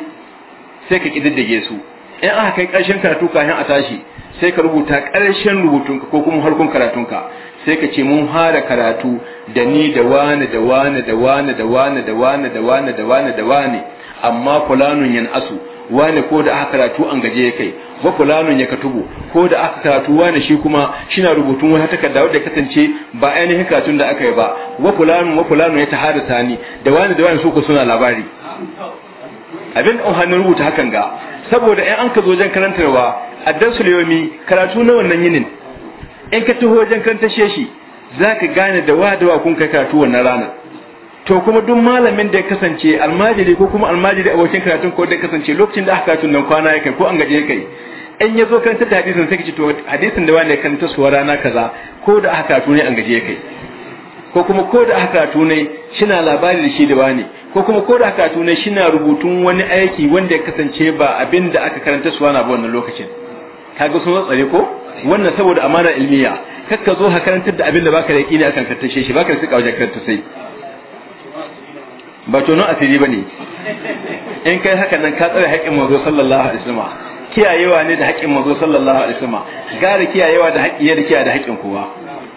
sai ka kididdige su in aka kai karshen karatu kafin a tashi sai ka rubuta karshen rubutunka ko kuma harkun karatunka sai ka ce mun fara karatu da ni da wani da wani da wani da wani da wani da wani da wani da wani da wani amma fulanun yan asu wani ko da aka karatu an gaje ya kai ba fulanun ya katubu ko da aka karatu wani shi kuma shina rubutun wata takarda wadda kasance ba ainihin karatun da aka yi ba ba fulanun ba fulanun ya tahadasa ni da wani da wani su suna labari abin an hannun rubuta hakan ga saboda in an ka zo wajen karantarwa a su yomi karatu na wannan yinin in ka taho wajen karantar shi ka gane da wa da wa kun kai karatu wannan ranar to kuma duk malamin da ya kasance almajiri ko kuma almajiri abokin karatun ko da ya kasance lokacin da aka karatun nan kwana ya kai ko an gaje kai in ya zo karanta da hadisin sai ka ce to hadisin da wani ya karanta su rana kaza ko da aka karatu ne an gaje kai ko kuma ko da aka karatu ne shina labari da shi da wani ko kuma ko da aka karatu ne shina rubutun wani aiki wanda ya kasance ba abin da aka karanta su na ba wannan lokacin kaga sun tsare ko wannan saboda amana ilmiya kakka zo ka karantar da abin da baka da ne akan karanta shi baka da sika wajen karanta sai ba tonon asiri ba ne in kai haka nan ka tsare haƙƙin manzo sallallahu alaihi wasallam kiyayewa ne da haƙƙin manzo sallallahu alaihi wasallam gara kiyayewa da haƙƙi da kiyaye da haƙƙin kowa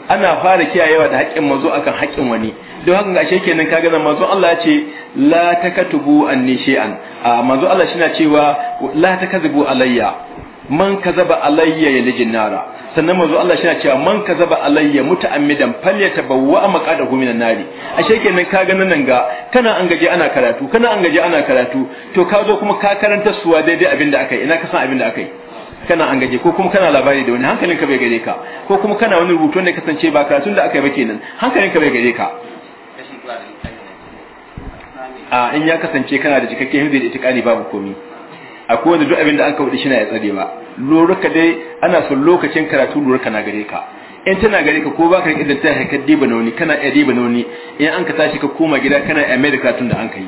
ana fara kiyayewa da haƙƙin manzo akan haƙƙin wani don haka ga ashe kenan kaga nan manzo Allah ya ce la takatubu anni shay'an manzo Allah shi na cewa la takazubu alayya man kazaba alayya yalijin nara sannan manzo Allah shi na cewa man ka zaba alayya muta'ammidan falyatabawwa da minan nari ashe kenan ka ga nan ga kana an gaje ana karatu kana an gaje ana karatu to ka zo kuma ka karanta suwa daidai abinda akai ina ka san aka akai kana an gaje ko kuma kana labari da wani hankalinka bai gare ka ko kuma kana wani rubutu ne kasance ba karatun da akai ba kenan hankalinka bai gare ka a in ya kasance kana da cikakken hizbi da itikani babu komi A wanda duk abin da an kawo shi na ya tsare ba loruka dai ana son lokacin karatu loruka na gare ka in tana gare ka ko ba ka idan ta diba na wani kana iya diba na wani in an ka tashi ka koma gida kana iya mai da karatun da an ka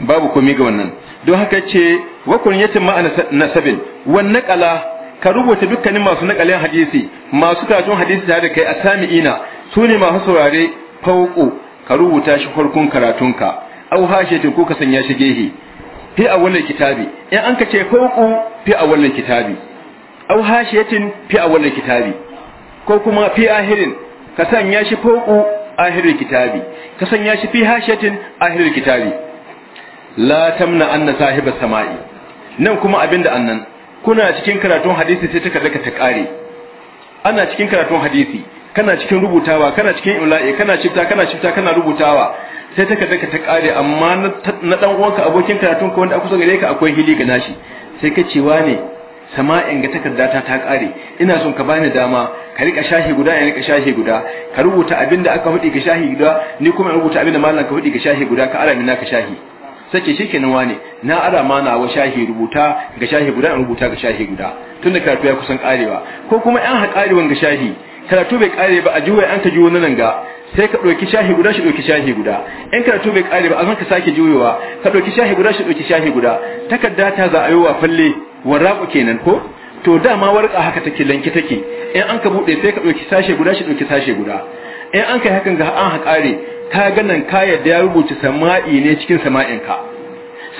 babu komai ga wannan don haka ce wa kunyatin ma nasabin wannan kala ka rubuta dukkanin masu nakalin hadisi masu karatun hadisi tare da kai a sami'ina su ne masu saurare fauko ka rubuta shi farkon karatunka au hashe ko ka sanya shi gehe fi a wannan kitabi in an kace fawqu fi a wannan kitabi aw hashiyatin fi a wannan kitabi ko kuma fi ahirin ka sanya shi fawqu ahirin kitabi ka sanya shi fi hashiyatin ahirin kitabi la tamna anna sahibas sama'i nan kuma abinda annan kuna cikin karatun hadisi sai ta kada ka ta kare ana cikin karatun hadisi kana cikin rubutawa kana cikin imla'i kana shifta kana shifta kana rubutawa sai ta kada ta kare amma na dan uwanka abokin karatun ka wanda a kusa gare ka akwai hili ga nashi sai ka cewa ne sama'in ga takarda ta ta kare ina son ka bani dama ka rika shahi guda ya rika shahi guda ka rubuta abin da aka faɗi ka shahi guda ni kuma in rubuta abin da mallan ka faɗi ka shahi guda ka ara na ka shahi sace shikenan wane na ara mana wa shahi rubuta ga shahi guda in rubuta ga shahi guda tunda karatu ya kusan karewa ko kuma an haƙariwan ga shahi karatu bai kare ba a juwai an ka juwo nan ga sai ka ɗauki shahi guda shi ɗauki shahi guda in karatu bai kare ba a ka sake juyowa ka ɗauki shahi guda shi ɗauki shahi guda takarda ta za a yi wa falle warraku kenan ko to dama warka haka take lanki take in an ka buɗe sai ka ɗauki sashe guda shi ɗauki sashe guda in an kai hakan ga an kare ka ga nan ka yadda ya rubuta sama'i ne cikin sama'inka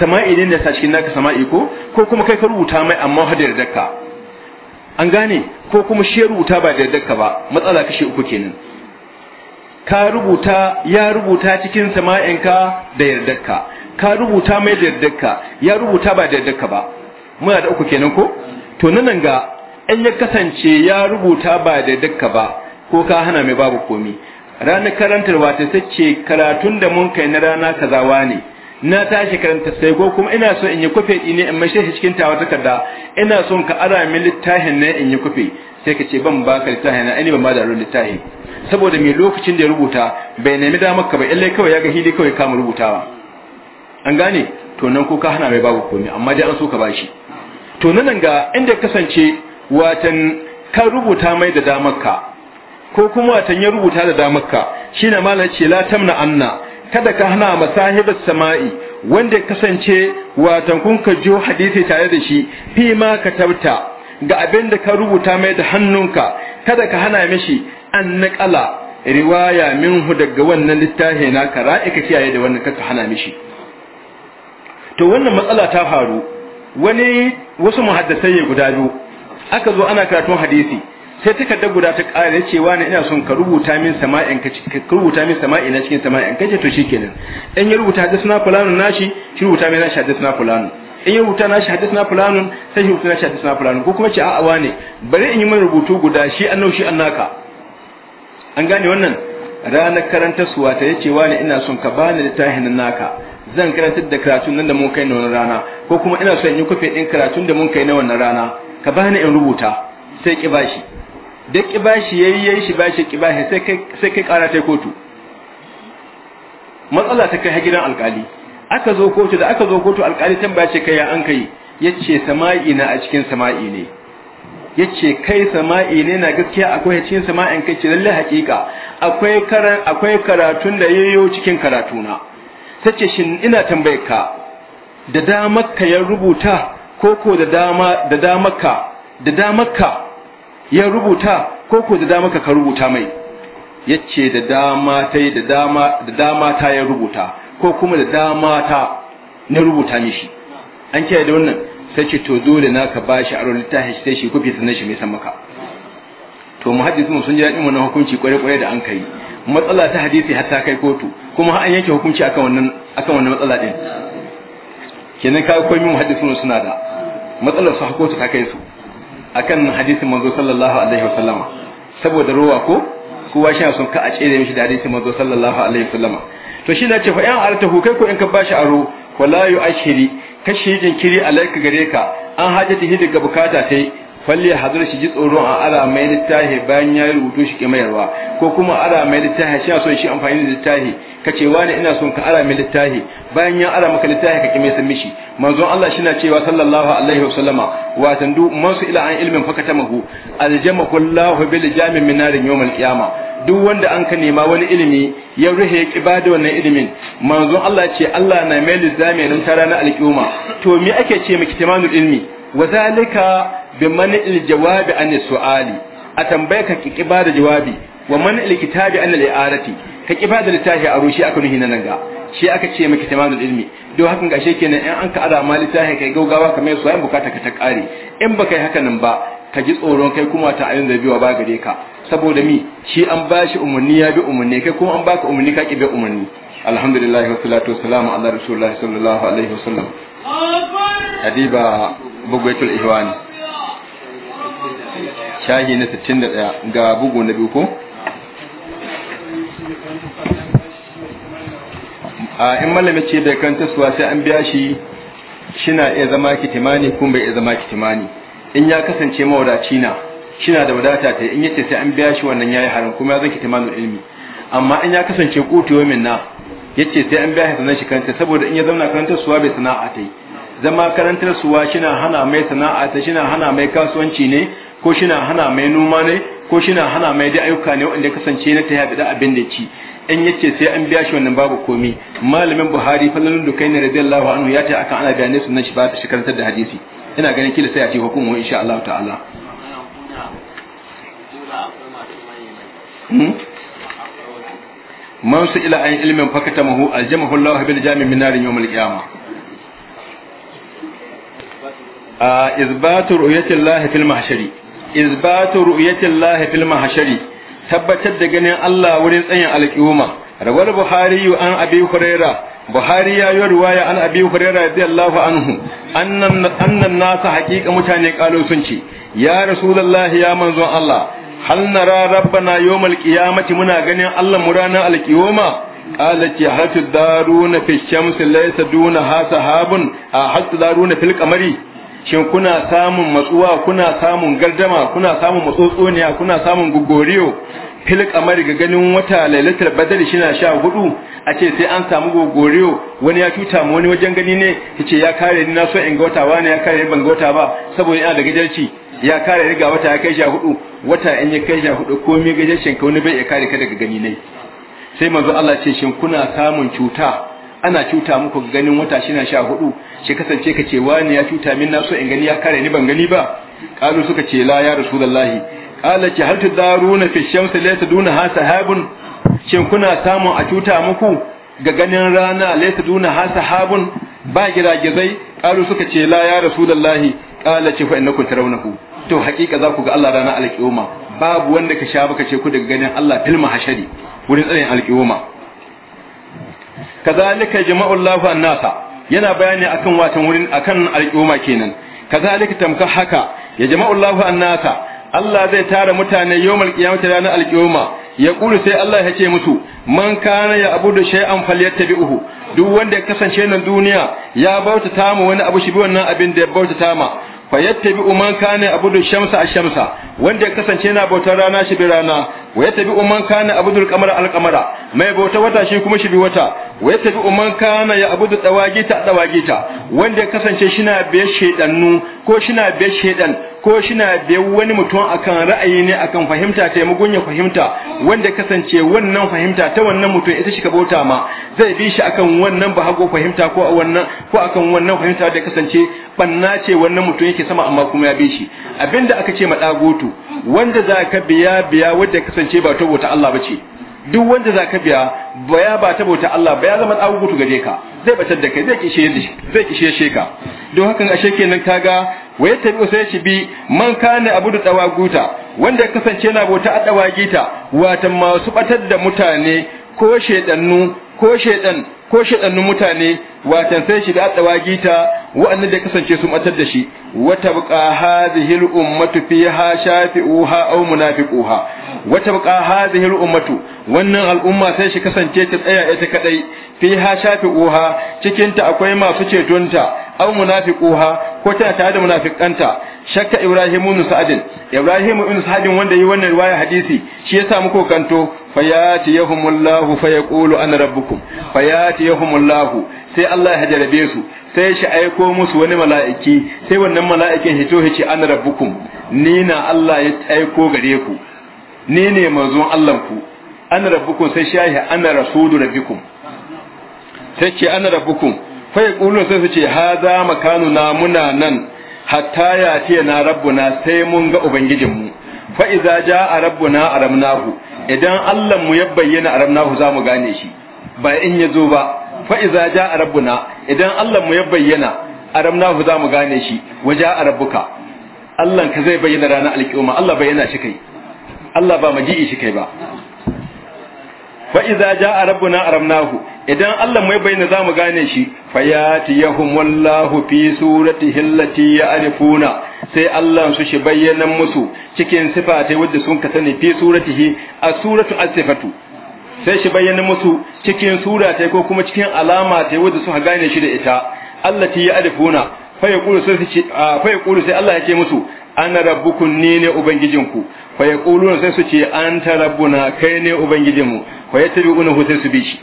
sama'i ne da sa cikin naka sama'i ko ko kuma kai ka rubuta mai amma hadar da ka an gane ko kuma shi rubuta ba da yadda ba matsala kashe uku kenan ka rubuta ya rubuta cikin sama'inka da yardarka ka rubuta mai da yardarka ya rubuta ba da yardarka ba muna da uku kenan ko to nan ga in ya kasance ya rubuta ba da yardarka ba ko ka hana mai babu komi ranar karantarwa ta sace karatun da mun kai na rana kazawa ne na tashi karanta sai ko kuma ina so in yi kufe ne in mai shi cikin tawa takarda ina so ka ara min littafin ne in yi kufe sai ka ce ban baka littafin na ani ban ba da ruwan littafi saboda me lokacin da ya rubuta bai nemi damar ka ba illai kawai ya ga hili kawai kama rubutawa an gane to nan ko ka hana mai babu komai amma dai an so ka bashi to nan ga inda kasance watan ka rubuta mai da damar ka ko kuma watan ya rubuta da damar ka shine malam la tamna anna kada ka hana masahibar sama'i wanda ya kasance watan kun ka jo hadisi tare da shi fi ma ka tabta ga abin da ka rubuta mai da hannunka kada ka hana mishi an naƙala riwaya minhu daga wannan littafi na ka ra'ika kiyaye da wannan kaka hana mishi to wannan matsala ta faru wani wasu muhaddasai guda biyu aka zo ana karatun hadisi sai takarda guda ta ƙara ya ce wani ina son ka rubuta min sama'in ka rubuta min sama'in na cikin sama'in ka ce to shikenan in ya rubuta hadisna fulanun nashi shi rubuta min nashi hadisna fulanun in ya rubuta nashi hadisna fulanun sai shi rubuta nashi hadisna fulanun ko kuma ce a'a wane bari in yi mana rubutu guda shi annau shi annaka an gane wannan ranar karanta suwa ta yace wani ina son ka bani littafin naka zan karantar da karatun nan da mun kai na wannan rana ko kuma ina son in yi kofi din karatun da mun kai na wannan rana ka bani in rubuta sai ki bashi da kiba shi yayi yayi shi bashi kiba sai kai sai kai kara ta kotu matsala ta kai gidan alkali aka zo kotu da aka zo kotu alkali tambaya bace kai ya an kai yace sama'i na a cikin sama'i ne yace kai sama'i ne na gaskiya akwai cikin sama'i kai ce lalle hakika akwai karan akwai karatun da yayyo cikin karatuna sace shin ina tambayar ka da damar ka ya rubuta koko da dama da damar ka da damar ka ya rubuta ko ko da dama ka rubuta mai yace da dama ta da dama da dama ta ya rubuta ko kuma da dama ta na rubuta mishi an kiyaye da wannan sai ce to dole na ka bashi aron littafin shi sai shi kufi sanan shi mai san maka to muhaddis mun sun ji daɗin wannan hukunci kware kware da an kai matsala ta hadisi har ta kai kotu kuma an yanke hukunci akan wannan akan wannan matsala din kenan ka koyi muhaddisun suna da matsalar su kotu ta kai su akan hadisin manzo sallallahu alaihi wasallama saboda ruwa ko kowa shi sun ka a tsere mishi da hadisin manzo sallallahu alaihi wasallama to shi ce fa yan artahu kai ko in ka bashi aro wala yu ashiri kashi jinkiri alaika gare ka an hajjati hidda ga bukata tai falle hazar shi ji tsoron a ara mai littahi bayan ya rubutu shi kimayarwa ko kuma ara mai littahi shi son shi amfani da littahi kace wani ina son ka ara mai littahi bayan ya ara maka littahi ka kimai san mishi manzon Allah shi na cewa sallallahu alaihi wa wasan wa tandu masu ila an ilmin fakata mahu aljama kullahu bil jami min narin yawmal qiyama duk wanda an ka nema wani ilimi ya ruhe ya da wannan ilimin manzon Allah ce Allah na mai lizami nan ta ranar al'umma to me ake ce miki timanul ilmi wa zalika bi man'il jawabi an su'ali a tambaye ka ki ba da jawabi wa man'il kitabi an al'arati ka ki ba da littafi a rushi aka nuhi nan ga shi aka ce maka tamamul ilmi don ga gashe kenan in an ka ada ma littafi kai gaugawa kamar su ayin bukata ka ta kare in baka yi haka nan ba ka ji tsoron kai kuma ta ayin zabiwa ba gare ka saboda mi shi an bashi umarni ya bi umarni kai kuma an baka umarni ka ki bi umarni alhamdulillah wa salatu wa salam ala rasulillah sallallahu alaihi wasallam adiba bugwaitul ihwani shahi na 61 ga bugu na biyu ko a in malami ce bai kan tasuwa sai an biya shi shina iya zama kitimani kun bai iya zama kitimani in ya kasance mawadaci na shina da wadata ta in yace sai an biya shi wannan yayi harin kuma ya zan kitimanin ilmi amma in ya kasance kutuwa min na yace sai an biya shi sanan shi kanta saboda in ya zauna kanta suwa bai sana'a ta yi zama karantar suwa shina hana mai sana'a ta shina hana mai kasuwanci ne ko shina hana mai noma ne ko shina hana mai da ayyuka ne wanda kasance na ta da abin da ci in yace sai an biya shi wannan babu komi malamin buhari dukai ne radiyallahu anhu ya ta aka ana bayanai sunan shi ba ta shi karantar da hadisi ina ganin kila sai a ce hukumu insha Allah ta'ala hmm? man su ila an ilmin fakata mahu aljamahu Allah bil jami min narin yawmul qiyamah izbatu ru'yatillahi fil mahshari izbatu ru'yatillahi fil mahshari tabbatar da ganin Allah wurin tsayin alƙiyuma rawar buhari an abi huraira buhari ya yi ruwaya an abi huraira radiyallahu anhu annan annan nasa haƙiƙa mutane ƙalo sun ce ya rasulullahi ya manzon Allah hal nara rabbana yawmal qiyamati muna ganin Allah mu ranar alƙiyuma قالت هل تدارون في الشمس ليس دونها سحاب هل تدارون في القمر shin kuna samun matsuwa kuna samun gardama kuna samun matsotsoniya kuna samun gugoriyo fil kamar ga ganin wata lailatul badr shina sha hudu a ce sai an samu gugoriyo wani ya cuta mu wani wajen gani ne yace ya kare ni na so in ga wata wani ya kare ban ga wata ba saboda ina da gajarci ya kare ni ga wata ya kai sha hudu wata in ya kai sha hudu ko me gajarcin ka wani bai ya kare ka daga gani ne sai manzo Allah ce shin kuna samun cuta ana cuta muku ganin wata shi na sha hudu shi kasance ka ce wani ya cuta min na so in gani ya kare ni ban gani ba kalu suka ce la ya rasulullahi qala ce hal tudaruna fi shamsi laysa ha sahabun shin kuna samun a cuta muku ga ganin rana laysa ha sahabun ba giragizai kalu suka ce la ya rasulullahi kala ce fa innakum tarawnahu to hakika za ku ga Allah rana alƙiyoma babu wanda ka sha baka ce ku daga ganin Allah fil hashari. wurin tsayin alƙiyoma kazalika jama'u Allahu annasa yana bayani akan watan wurin akan al'umma kenan kazalika tamka haka ya jama'u Allahu annasa Allah zai tara mutane yawmal qiyamati ranar al'umma ya kuri sai Allah ya ce musu man kana ya abudu shay'an falyattabi'uhu duk wanda ya kasance nan duniya ya bauta ta wani abu shi bi wannan abin da ya bauta ta ma fayattabi'u man kana abudu shamsa ash-shamsa wanda ya kasance yana bautar rana shi bi rana wa yattabi'u man kana abudu al-qamara mai bautar wata shi kuma shi bi wata wa yattabi'u man kana ya abudu dawagita dawagita wanda ya kasance shina biye shedannu ko shina biye shedan ko shina biyan wani mutum akan ra'ayi ne akan fahimta ta mugun ya fahimta wanda kasance wannan fahimta ta wannan mutum ita shi ka bauta ma zai bi shi akan wannan ba hago fahimta ko a wannan ko akan wannan fahimta da kasance banna ce wannan mutum yake sama amma kuma ya bi shi abinda aka ce ma dagoto wanda za ka biya biya wanda kasance ba tabo ta Allah bace duk wanda za ka biya baya ba ta Allah ba ya zama dagoto gare ka zai batar da kai zai kishe zai kishe ka don hakan ashe kenan kaga wa yattabi sai shi bi man kana da dawaguta wanda ya kasance na bauta a dawagita watan masu batar da mutane ko shedannu ko shedan ko shedannu mutane watan sai shi da dawagita wa'anda da kasance su batar da shi wa tabqa hadhihi al-ummatu fiha shafi'uha aw munafiquha wa tabqa hadhihi al-ummatu wannan al'umma sai shi kasance ta tsaya ita kadai fiha shafi'uha cikin ta akwai masu cetonta aw munafiquha ko tana tare da munafiqanta shakka ibrahim ibn sa'd ibrahim ibn sa'd wanda yi wannan riwaya hadisi shi yasa muku kanto fayati yahumullahu fayaqulu ana rabbukum fayati yahumullahu sai Allah ya hajarabe su sai shi aiko musu wani mala'iki sai wannan mala'ikin hito hice ana rabbukum ni na Allah ya aiko gare ku ni ne manzon Allah ku ana rabbukum sai shi ana rasulu rabbikum sai ce ana rabbukum fa yaqulu sai su ce hadha na muna nan hatta ya ce na rabbuna sai mun ga ubangijinmu fa iza jaa rabbuna aramnahu idan Allah mu ya bayyana aramnahu mu gane shi ba in ya zo ba fa iza jaa rabbuna idan Allah mu ya bayyana aramnahu mu gane shi waja rabbuka Allah ka zai bayyana ranar alkiyama Allah bayyana shi kai Allah ba maji'i shi kai ba fa iza jaa rabbuna aramnahu idan Allah mai bayyana za mu gane shi fayati yahum wallahu fi suratihi allati ya'rifuna sai Allah su shi bayyana musu cikin sifati wadda sun ka sani fi suratihi a suratu as-sifatu sai shi bayyana musu cikin sura ta ko kuma cikin alama ta su ka gane shi da ita allati ya'rifuna fa yaqulu sai fa yaqulu sai Allah ya ce musu ana rabbukun ni ne ubangijinku fa yaquluna sai su ce anta rabbuna kai ne ubangijinmu fa hu sai su bi shi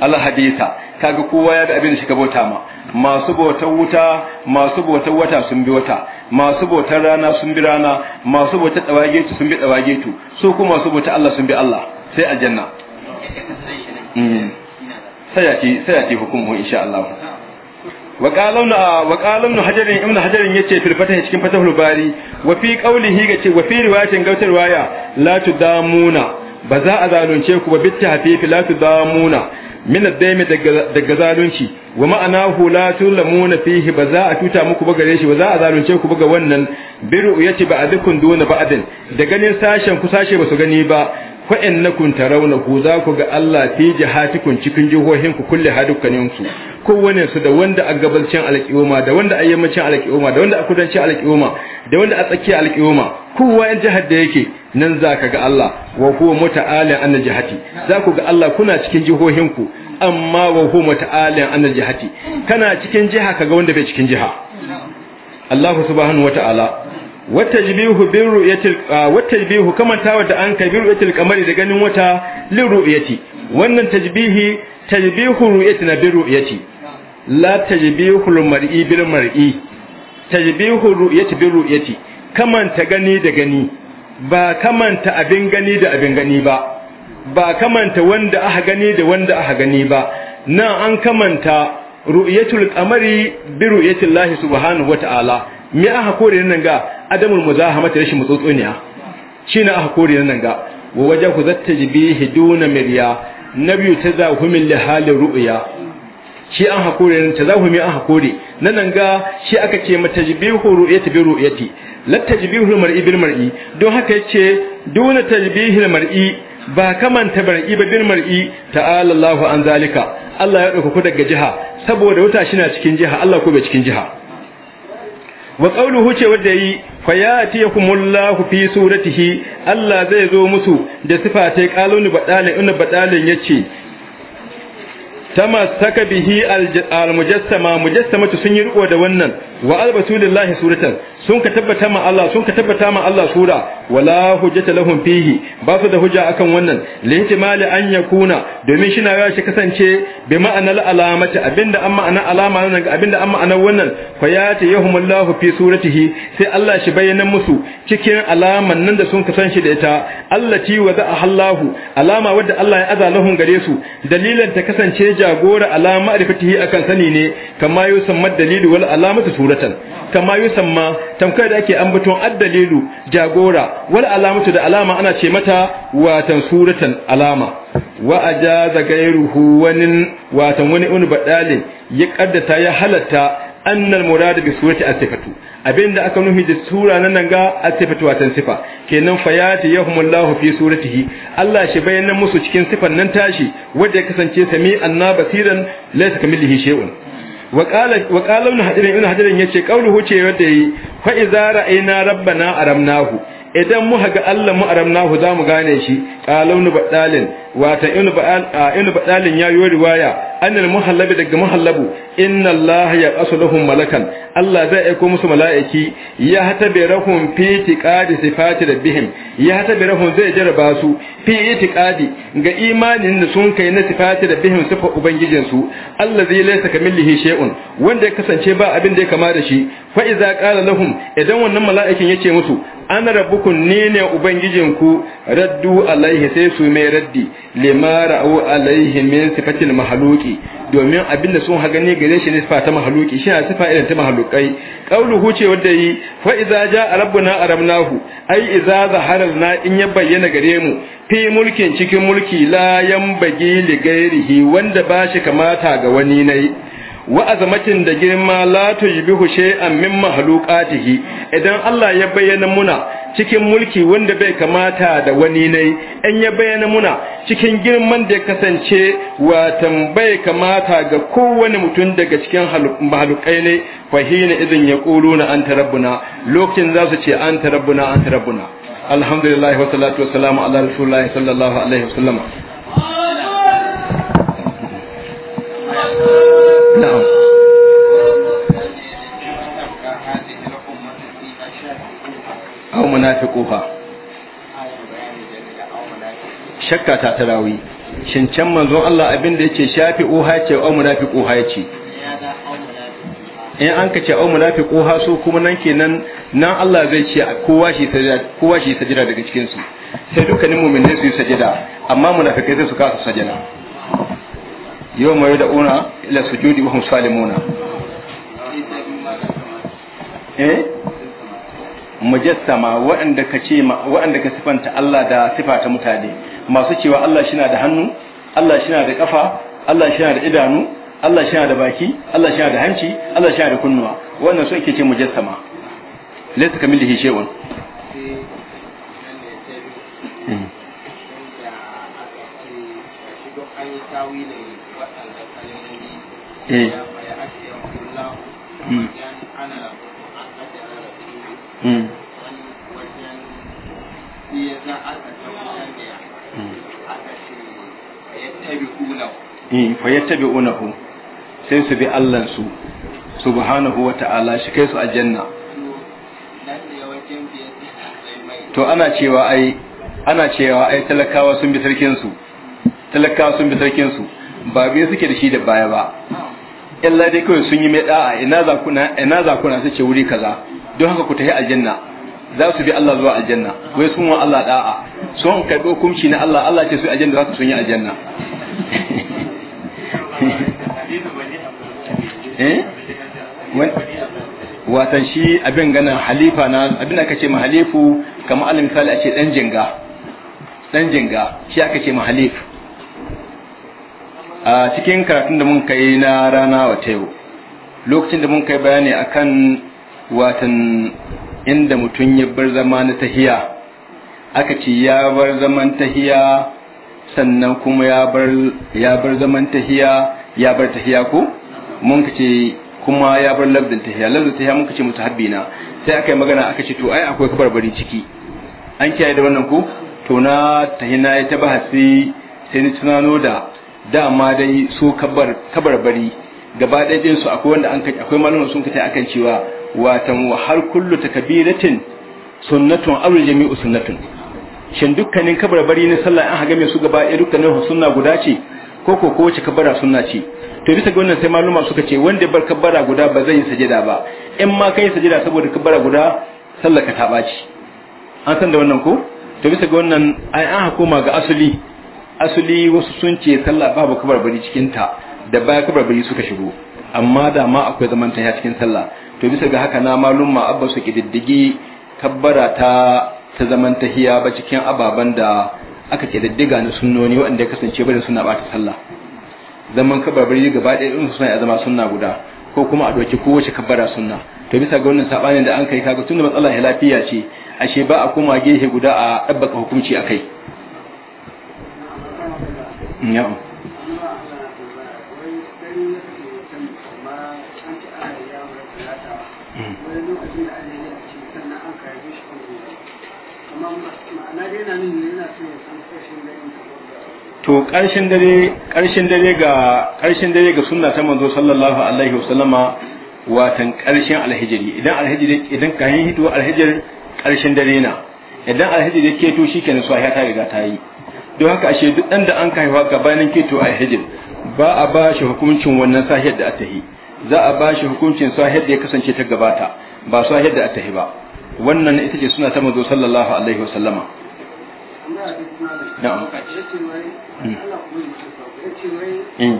alhadisa kaga kowa ya bi abin da shi bauta ma masu bautar wuta masu bautar wata sun bi wata masu bautar rana sun bi rana masu bautar dawagetu sun bi to su kuma masu bautar Allah sun bi Allah sai aljanna mm. sai ya ci sai ya ci hukumu insha Allah wa وقالون hajarin ابن hajarin yace fil fatah cikin fatahul bari wa fi qawlihi gace wa fi riwayatin gautar waya la tudamuna ba za a zalunce ku ba bitta hafifi la tudamuna min ad daga zalunci wa ma'ana la tulamuna fihi ba za a tuta muku ba gare shi ba za a zalunce ku ga wannan biru ci ba adukun duna ba'adin da ganin sashen ku sashe ba su gani ba fa innakum ku za ku ga Allah fi jihatikum cikin jihohin ku kulli hadukanin kowane su da wanda a gabancin alƙiyoma da wanda a yammacin alƙiyoma da wanda a kudancin alƙiyoma da wanda a tsakiya alƙiyoma kowa yan jihar da yake nan za ka ga Allah wa huwa muta'ala an jihati za ku ga Allah kuna cikin jihohinku amma wa huwa muta'ala an jihati kana cikin jiha ka ga wanda bai cikin jiha Allah subhanahu wata'ala watajbihu bin ru'yatil ah, watajbihu kamantawa da an kai bin ru'yatil kamari da ganin wata lin wannan tajbihi tajbihu ru'yati na bin ru'yati la tajbihu mar'i bil mar'i tajbihu ru'yati bin ru'yati kamanta gani da gani ba kamanta abin gani da abin gani ba ba kamanta wanda aka gani da wanda aka gani ba nan an kamanta ru'yatul qamari bi Allah subhanahu wata'ala me aka kore nan ga adamul muzahamata rashin mutsotsoniya shine aka kore nan ga wa wajahu zattajbihi duna mirya nabiyu tazahumil lihali ru'ya shi an hakore nan tazahumi an hakore nan ga shi aka ce matajbihu ru'yati bi ru'yati la tajbihu mar'i bil mar'i don haka yace duna tajbihil mar'i ba kamanta mar'i ba bil mar'i ta'ala Allahu an zalika Allah ya dauka ku daga jiha saboda wuta shi na cikin jiha Allah ko bai cikin jiha wa qawluhu ce wanda yi fa yatiyakumullahu fi suratihi Allah zai zo musu da sifatai qaluni badalin inna badalin yace tamassaka bihi almujassama mujassama sun yi riko da wannan wa albasulillahi suratan sun ka tabbata ma Allah sun ka tabbata ma Allah sura wala hujjata lahum fihi ba su da hujja akan wannan lihtimali an yakuna domin shi na ya shi kasance bi ma'anar alamati abinda an ma'ana alama nan abinda an ma'ana wannan fa yati yahumullahu fi suratihi sai Allah shi bayyana musu cikin alaman nan da sun san shi da ita allati wa za ahallahu alama wadda Allah ya aza lahum gare su dalilan ta kasance jagora alama arifatihi akan sani ne kama yusamma dalilu wal alamatu suratan kama yusamma tamkar da ake ambaton addalilu jagora wal alamatu da alama ana ce mata watan suratan alama wa ajaza gairuhu wani watan wani ibn badalin ya kaddata ya halatta annal muradu bi surati as-sifatu abinda aka nufi da sura nan ga as-sifatu watan sifa kenan fayati yahumullahu fi suratihi Allah shi bayyana musu cikin sifan nan tashi wanda ya kasance sami annabasiran basiran laysa kamilihi shay'un wa qala ibn hajar ibn ya yace qauluhu huce wanda yi fa idza ra'ayna rabbana aramnahu idan mu haga Allah mu aramnahu za mu gane shi qalaunu badalin wata ibn baɗalin ibn badalin yayi riwaya annal muhallabi daga muhallabu inna allaha ya lahum malakan Allah zai aiko musu mala'iki ya hatabirahum fi tiqadi sifati rabbihim ya hatabirahum zai jaraba su fi tiqadi ga imanin da sun kai na sifati rabbihim sifa ubangijin su allazi laysa kamillihi shay'un wanda ya kasance ba abin da ya kama da shi fa iza qala lahum idan wannan mala'ikin yace musu ana rabbukun ni ne ku, raddu alaihi sai su mai raddi limara au alaihi min sifatil mahluqi domin abin da sun hagani ne gare shi ne sifa ta mahaluki shi na sifa irin ta mahalukai kaulu ce wanda yi fa idza jaa rabbuna aramnahu ai idza na in ya bayyana gare mu fi mulkin cikin mulki la yambagi li gairihi wanda ba shi kamata ga wani nai wa azamatin da girma la tujbihu shay'an min mahluqatihi idan Allah ya bayyana muna cikin mulki wanda bai kamata da wani ne in ya bayyana muna cikin girman da ya kasance watan bai kamata ga kowane mutum daga cikin mahluqai ne hina idan ya kuluna anta rabbuna lokacin za su ce anta rabbuna anta rabbuna alhamdulillah wa salatu wa salamu ala rasulillah sallallahu alaihi wasallam نعم أو منافقوها ta تتراوي shin can manzo Allah abin da yake shafi uha ce au munafiqu ha yace in an ka ce au munafiqu ha su kuma nan kenan nan Allah zai ce kowa shi sajida kowa shi sajida daga cikin su sai dukkanin mu'minin su yi sajida amma munafikai sai su kasa sajida yau mai da una ila sujudi wa hum salimuna eh mujassama waɗanda ka ce waɗanda ka sifanta Allah da sifata mutane masu cewa Allah shi na da hannu Allah shi na da kafa Allah shi na da idanu Allah shi na da baki Allah shi na da hanci Allah shi na da kunnuwa wannan su ake ce mujassama laysa kamilihi shay'un Mm-hmm. eh hmm. Hmm. Hmm. fayattabi'unahu sai su bi allansu, su subhanahu wa ta'ala shi kai su aljanna to ana cewa ai ana cewa ai talakawa sun bi sarkinsu, talakawa sun bi sarkin ba biyu suke da shi da baya ba illa dai kawai sun yi mai da'a ina za kuna ina za kuna sai ce wuri kaza don haka ku tafi aljanna za su bi Allah zuwa aljanna wai sun wa Allah da'a sun kai hukunci na Allah Allah ce su aljanna za su sun yi aljanna eh watan shi abin ganin halifa na abin aka ce ma halifu kamar alimkali a ce dan jinga dan jinga shi aka ce ma a cikin karatun da mun kai na rana wata yau lokacin da mun kai bayani akan watan inda mutum ya bar zama na tahiya aka ce ya bar zaman tahiya sannan kuma ya bar zaman tahiya ya bar tahiya ko mun ka ce kuma ya bar labdin tahiya labdin tahiya mun ka ce mutahabbi na sai aka yi magana aka ce to ai akwai kabarbari ciki an kiyaye da wannan ko to na tahina ya ta bahasi sai ni tunano da dama dai su kabarbari gaba ɗaya su akwai wanda an akwai malamin sun kata akan cewa watan har kullu takabiratin sunnatun aure jami'u sunnatun shin dukkanin kabarbari na sallah an haga mai su gaba ɗaya dukkanin sunna guda ce ko ko ko wace kabara sunna ce to bisa ga wannan sai maluma suka ce wanda bar kabara guda ba zai yi sajida ba in ma kai sajida saboda kabara guda sallah ka ta ɓaci an san da wannan ko to bisa ga wannan ai an hukuma ga asali asali wasu sun ce sallah babu kabarbari cikin ta da baya kabarbari suka shigo amma da ma akwai zaman ta cikin sallah to bisa ga haka na malum ma abba su kididdigi kabbara ta ta zaman ba cikin ababen da aka kididdiga na sunnoni waɗanda ya kasance da suna bata sallah zaman kabarbari gaba ɗaya irin suna ya zama sunna guda ko kuma a ɗauki kowace kabbara suna to bisa ga wannan sabanin da an kai kaga tunda ya lafiya ce ashe ba a koma gehe guda a ɗabbaka hukunci a kai. yau to karshen dare karshen dare ga karshen dare ga sunna ta manzo sallallahu alaihi wa wasallama watan karshen alhijiri idan alhijiri idan kayan hito alhijir karshen dare na idan alhijiri ke to shikenan su ya ta riga ta yi don haka ashe duk ɗan da an ka haifa gabanin keto a hijir ba a ba shi hukuncin wannan sahiyar da aka yi za a ba shi hukuncin sahiyar da ya kasance ta gabata ba sahiyar da aka yi ba wannan ita ce suna ta mazo sallallahu alaihi wasallama na'am hmm. Hmm.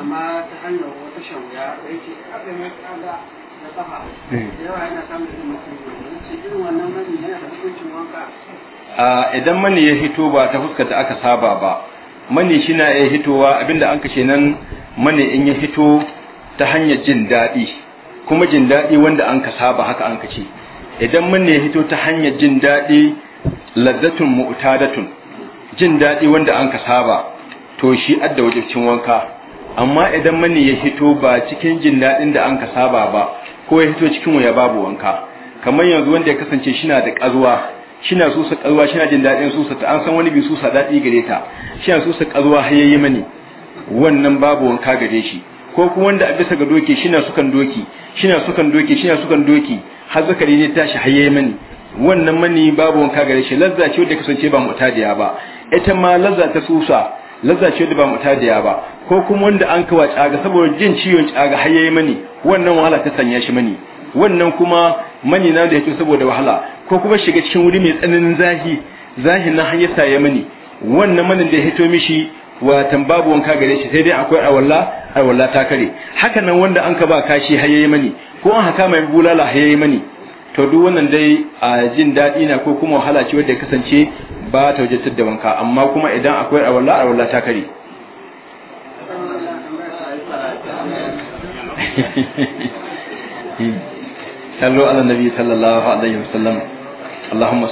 amma ta hanyar wata shan ya Eh. Ah, idan mani ya hito ba ta fuskata aka saba ba mani shi na iya hitowa abinda an kashe nan mani in ya hito ta hanyar jin daɗi kuma jin daɗi wanda an ka saba haka an kace idan mani ya hito ta hanyar jin daɗi lazzatun mu'tadatun jin daɗi wanda an ka saba to shi adda wajibcin wanka amma idan mani ya hito ba cikin jin daɗin da an ka saba ba ko ya hito cikin ya babu wanka kamar yanzu wanda ya kasance shina da ƙazuwa shina susa ƙazuwa shina jin daɗin susa ta an san wani bi susa daɗi gare ta shina susa ƙazuwa har yayi mani wannan babu wanka gare shi ko kuma wanda a bisa ga doki shina sukan doki shina sukan doki shina sukan doki har zakari ne tashi har yayi mani wannan mani babu wanka gare shi lazza ce wanda kasance ba mu'tadiya ba ita ma lazza ta susa lazza ce da ba mu mutadiya ba ko kuma wanda an kawa tsaga saboda jin ciwon tsaga har yayi mani wannan wahala ta sanya shi mani wannan kuma mani na da yake saboda wahala ko kuma shiga cikin wuri mai tsananin zahi zahin na hanyar sa ya mani wannan manin da ya hito mishi watan babu wanka gare shi sai dai akwai awalla awalla ta kare haka nan wanda an ka ba kashi yayi mani ko an haka mai bulala yayi mani to duk wannan dai a jin daɗi na ko kuma wahala ce wadda kasance ba ta waje da wanka amma kuma idan akwai arwallah arwallah ta kare sallu ala nabi sallallahu alaihi wasallam allahumma